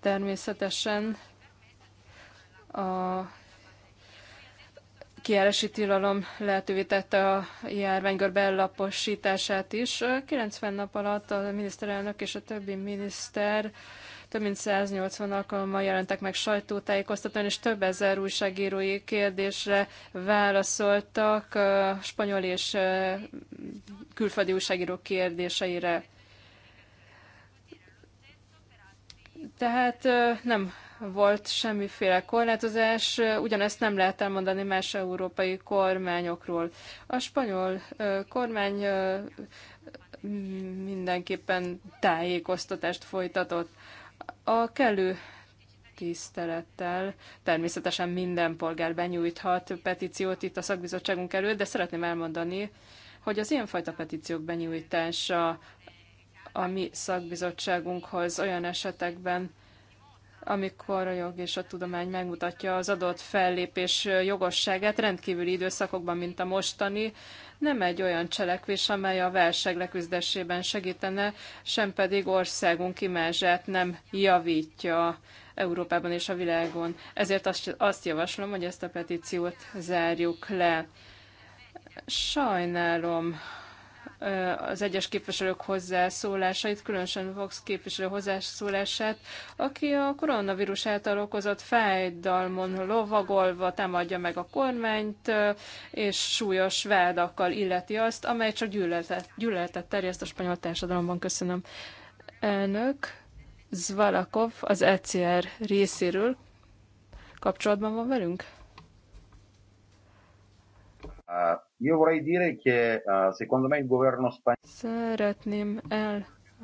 Természetesen a kiárási tilalom lehetővé tette a járványgör bellaposítását is. 90 nap alatt a miniszterelnök és a többi miniszter több mint 180 alkalommal jelentek meg sajtótájékoztatón, és több ezer újságírói kérdésre válaszoltak spanyol és külföldi újságírók kérdéseire. Tehát nem volt semmiféle korlátozás, ugyanezt nem lehet elmondani más európai kormányokról. A spanyol kormány mindenképpen tájékoztatást folytatott. A kellő tisztelettel. Természetesen minden polgár benyújthat petíciót itt a szakbizottságunk előtt, de szeretném elmondani, hogy az ilyenfajta petíciók benyújtása a mi szakbizottságunkhoz olyan esetekben, amikor a jog és a tudomány megmutatja az adott fellépés jogosságát rendkívüli időszakokban, mint a mostani, nem egy olyan cselekvés, amely a válság leküzdésében segítene, sem pedig országunk imázsát nem javítja Európában és a világon. Ezért azt, azt javaslom, hogy ezt a petíciót zárjuk le. Sajnálom, az egyes képviselők hozzászólásait, különösen Vox képviselő hozzászólását, aki a koronavírus által okozott fájdalmon lovagolva támadja meg a kormányt, és súlyos vádakkal illeti azt, amely csak gyűlöletet, gyűlöletet terjeszt a spanyol társadalomban. Köszönöm. Elnök Zvalakov az ECR részéről kapcsolatban van velünk?
Uh Eh,
Szeretném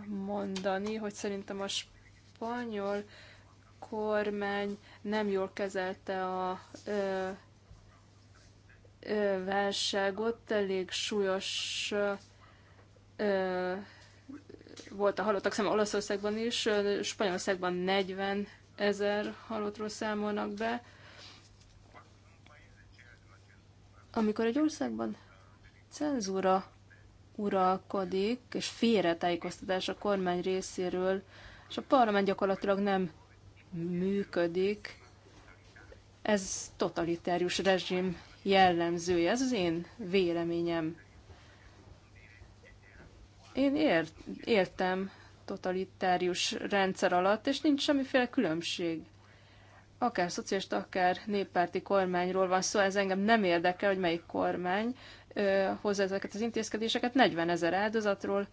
elmondani, hogy szerintem a spanyol kormány nem jól kezelte a ö, ö, válságot, elég súlyos ö, volt a halottak száma Olaszországban is, Spanyolországban 40 ezer halottról számolnak be. Ö, Amikor egy országban cenzúra uralkodik, és félretájékoztatás a kormány részéről, és a parlament gyakorlatilag nem működik, ez totalitárius rezsim jellemzője. Ez az én véleményem. Én ért, értem totalitárius rendszer alatt, és nincs semmiféle különbség akár szocialista, akár néppárti kormányról van szó, ez engem nem érdekel, hogy melyik kormány hozza ezeket az intézkedéseket. 40 ezer áldozatról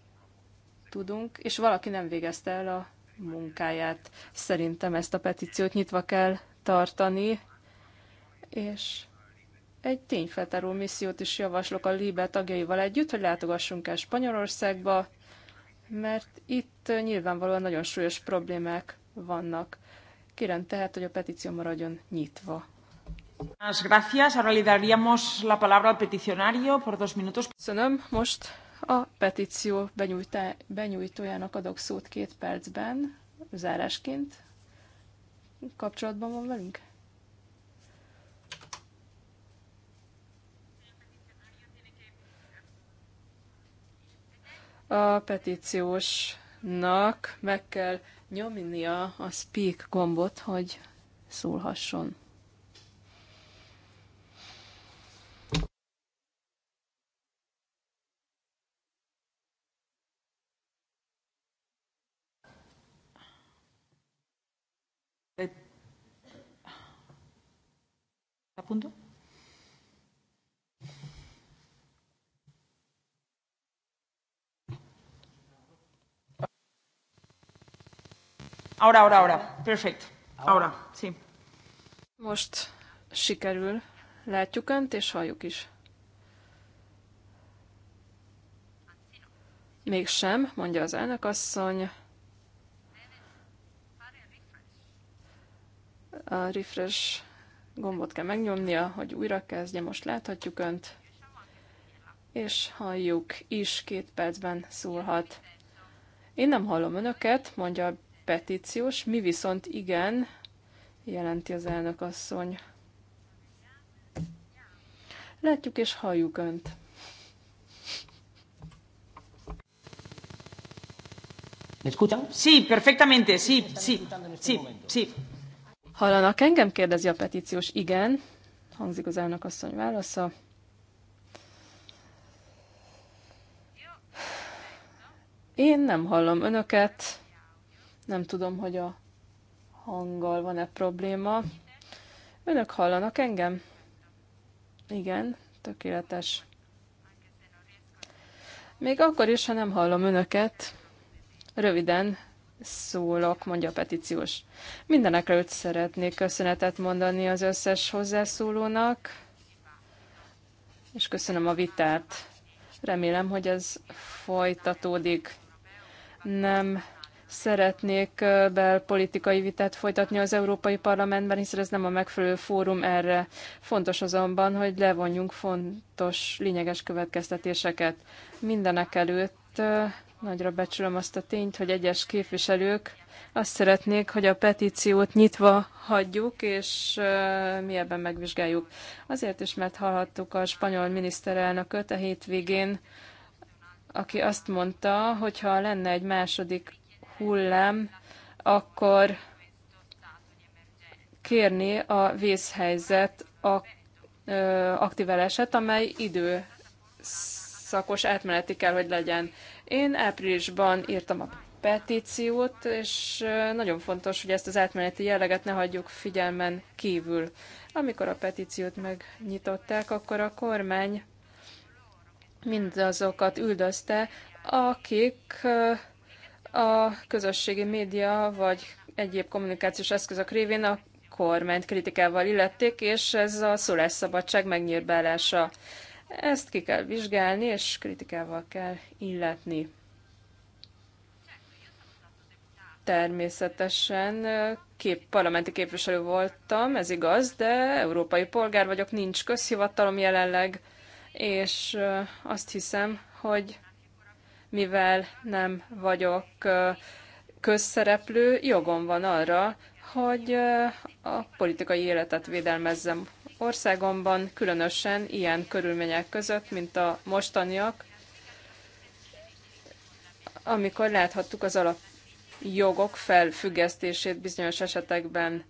tudunk, és valaki nem végezte el a munkáját. Szerintem ezt a petíciót nyitva kell tartani, és egy tényfeltáró missziót is javaslok a Libe tagjaival együtt, hogy látogassunk el Spanyolországba, mert itt nyilvánvalóan nagyon súlyos problémák vannak. Kérem tehát, hogy a petíció maradjon nyitva.
Gracias. Ahora le daríamos la palabra al peticionario por dos minutos. Köszönöm. Most
a petíció benyújtójának adok szót két percben, zárásként. Kapcsolatban van velünk? A petíciósnak meg kell nyomni a a speak gombot, hogy szólhasson.
punto Ahora, ahora, ahora. Perfect. Ahora, sí. Most
sikerül. Látjuk önt, és halljuk is. Mégsem, mondja az elnökasszony. A refresh gombot kell megnyomnia, hogy újra kezdje. Most láthatjuk önt. És halljuk is, két percben szólhat. Én nem hallom önöket, mondja a petíciós, mi viszont igen, jelenti az elnök asszony. Látjuk és halljuk Önt.
¿Me escuchan? Sí, perfectamente, sí, sí, sí, sí.
Hallanak engem? Kérdezi a petíciós. Igen, hangzik az elnök asszony válasza. Én nem hallom önöket. Nem tudom, hogy a hanggal van-e probléma. Önök hallanak engem? Igen, tökéletes. Még akkor is, ha nem hallom önöket, röviden szólok, mondja a petíciós. Mindenekre őt szeretnék köszönetet mondani az összes hozzászólónak, és köszönöm a vitát. Remélem, hogy ez folytatódik. Nem szeretnék belpolitikai vitát folytatni az Európai Parlamentben, hiszen ez nem a megfelelő fórum erre. Fontos azonban, hogy levonjunk fontos, lényeges következtetéseket. Mindenek előtt nagyra becsülöm azt a tényt, hogy egyes képviselők azt szeretnék, hogy a petíciót nyitva hagyjuk, és mi ebben megvizsgáljuk. Azért is, mert hallhattuk a spanyol miniszterelnököt a hétvégén, aki azt mondta, hogy ha lenne egy második hullám, akkor kérni a vészhelyzet aktiválását, amely időszakos átmeneti kell, hogy legyen. Én áprilisban írtam a petíciót, és nagyon fontos, hogy ezt az átmeneti jelleget ne hagyjuk figyelmen kívül. Amikor a petíciót megnyitották, akkor a kormány mindazokat üldözte, akik a közösségi média vagy egyéb kommunikációs eszközök révén a kormányt kritikával illették, és ez a szólásszabadság megnyírbálása. Ezt ki kell vizsgálni, és kritikával kell illetni. Természetesen kép, parlamenti képviselő voltam, ez igaz, de európai polgár vagyok, nincs közhivatalom jelenleg, és azt hiszem, hogy mivel nem vagyok közszereplő, jogom van arra, hogy a politikai életet védelmezzem országomban, különösen ilyen körülmények között, mint a mostaniak, amikor láthattuk az alapjogok felfüggesztését bizonyos esetekben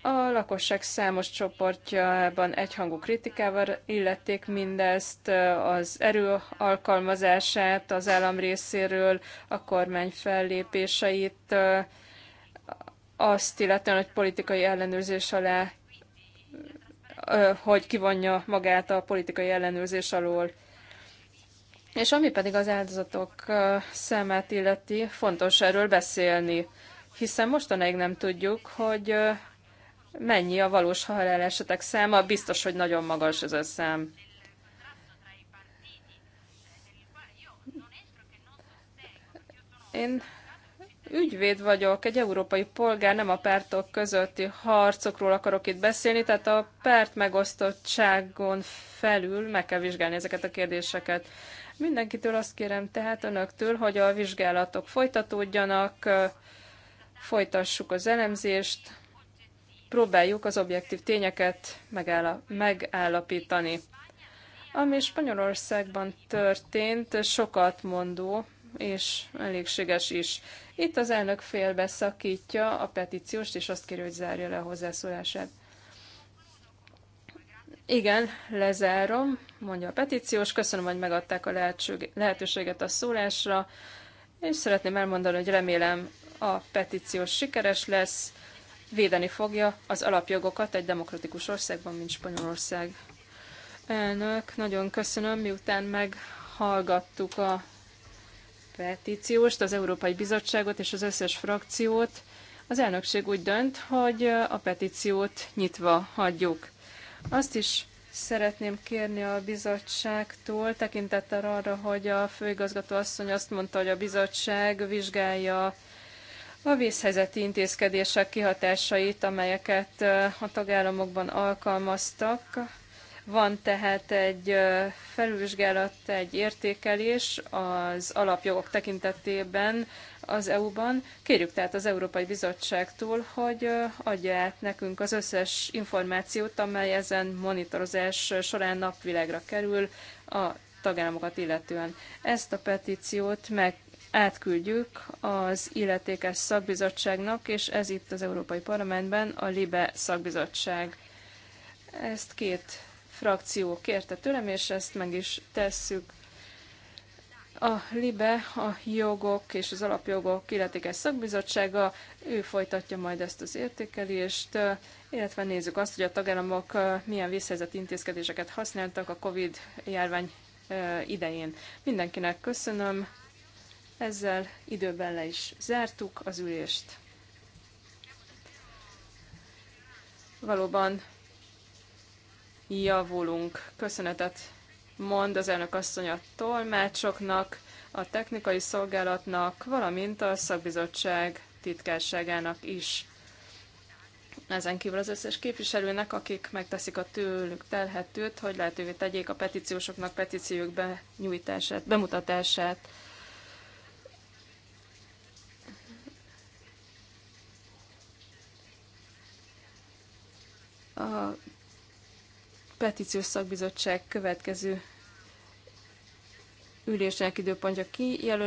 a lakosság számos csoportjában egyhangú kritikával illették mindezt, az erő alkalmazását az állam részéről, a kormány fellépéseit, azt illetően, hogy politikai ellenőrzés alá, hogy kivonja magát a politikai ellenőrzés alól. És ami pedig az áldozatok számát illeti, fontos erről beszélni, hiszen mostanáig nem tudjuk, hogy mennyi a valós halálesetek száma, biztos, hogy nagyon magas ez a szám. Én ügyvéd vagyok, egy európai polgár, nem a pártok közötti harcokról akarok itt beszélni, tehát a párt megosztottságon felül meg kell vizsgálni ezeket a kérdéseket. Mindenkitől azt kérem tehát önöktől, hogy a vizsgálatok folytatódjanak, folytassuk az elemzést, próbáljuk az objektív tényeket megállapítani. Ami Spanyolországban történt, sokat mondó és elégséges is. Itt az elnök félbeszakítja a petíciót, és azt kéri, hogy zárja le a hozzászólását. Igen, lezárom, mondja a petíciós. Köszönöm, hogy megadták a lehetőséget a szólásra, és szeretném elmondani, hogy remélem a petíciós sikeres lesz, védeni fogja az alapjogokat egy demokratikus országban, mint Spanyolország. Elnök, nagyon köszönöm, miután meghallgattuk a petíciót, az Európai Bizottságot és az összes frakciót. Az elnökség úgy dönt, hogy a petíciót nyitva hagyjuk. Azt is szeretném kérni a bizottságtól, tekintettel arra, hogy a főigazgató asszony azt mondta, hogy a bizottság vizsgálja a vészhelyzeti intézkedések kihatásait, amelyeket a tagállamokban alkalmaztak. Van tehát egy felülvizsgálat, egy értékelés az alapjogok tekintetében az EU-ban. Kérjük tehát az Európai Bizottságtól, hogy adja át nekünk az összes információt, amely ezen monitorozás során napvilágra kerül a tagállamokat illetően. Ezt a petíciót meg átküldjük az illetékes szakbizottságnak, és ez itt az Európai Parlamentben a LIBE szakbizottság. Ezt két frakció kérte tőlem, és ezt meg is tesszük. A LIBE, a jogok és az alapjogok illetékes szakbizottsága, ő folytatja majd ezt az értékelést, illetve nézzük azt, hogy a tagállamok milyen vészhelyzet intézkedéseket használtak a COVID járvány idején. Mindenkinek köszönöm. Ezzel időben le is zártuk az ülést. Valóban javulunk. Köszönetet mond az elnök asszony a tolmácsoknak, a technikai szolgálatnak, valamint a szakbizottság titkárságának is. Ezen kívül az összes képviselőnek, akik megteszik a tőlük telhetőt, hogy lehetővé tegyék a petíciósoknak petíciók benyújtását, bemutatását. A petíciós szakbizottság következő ülésének időpontja kijelöl,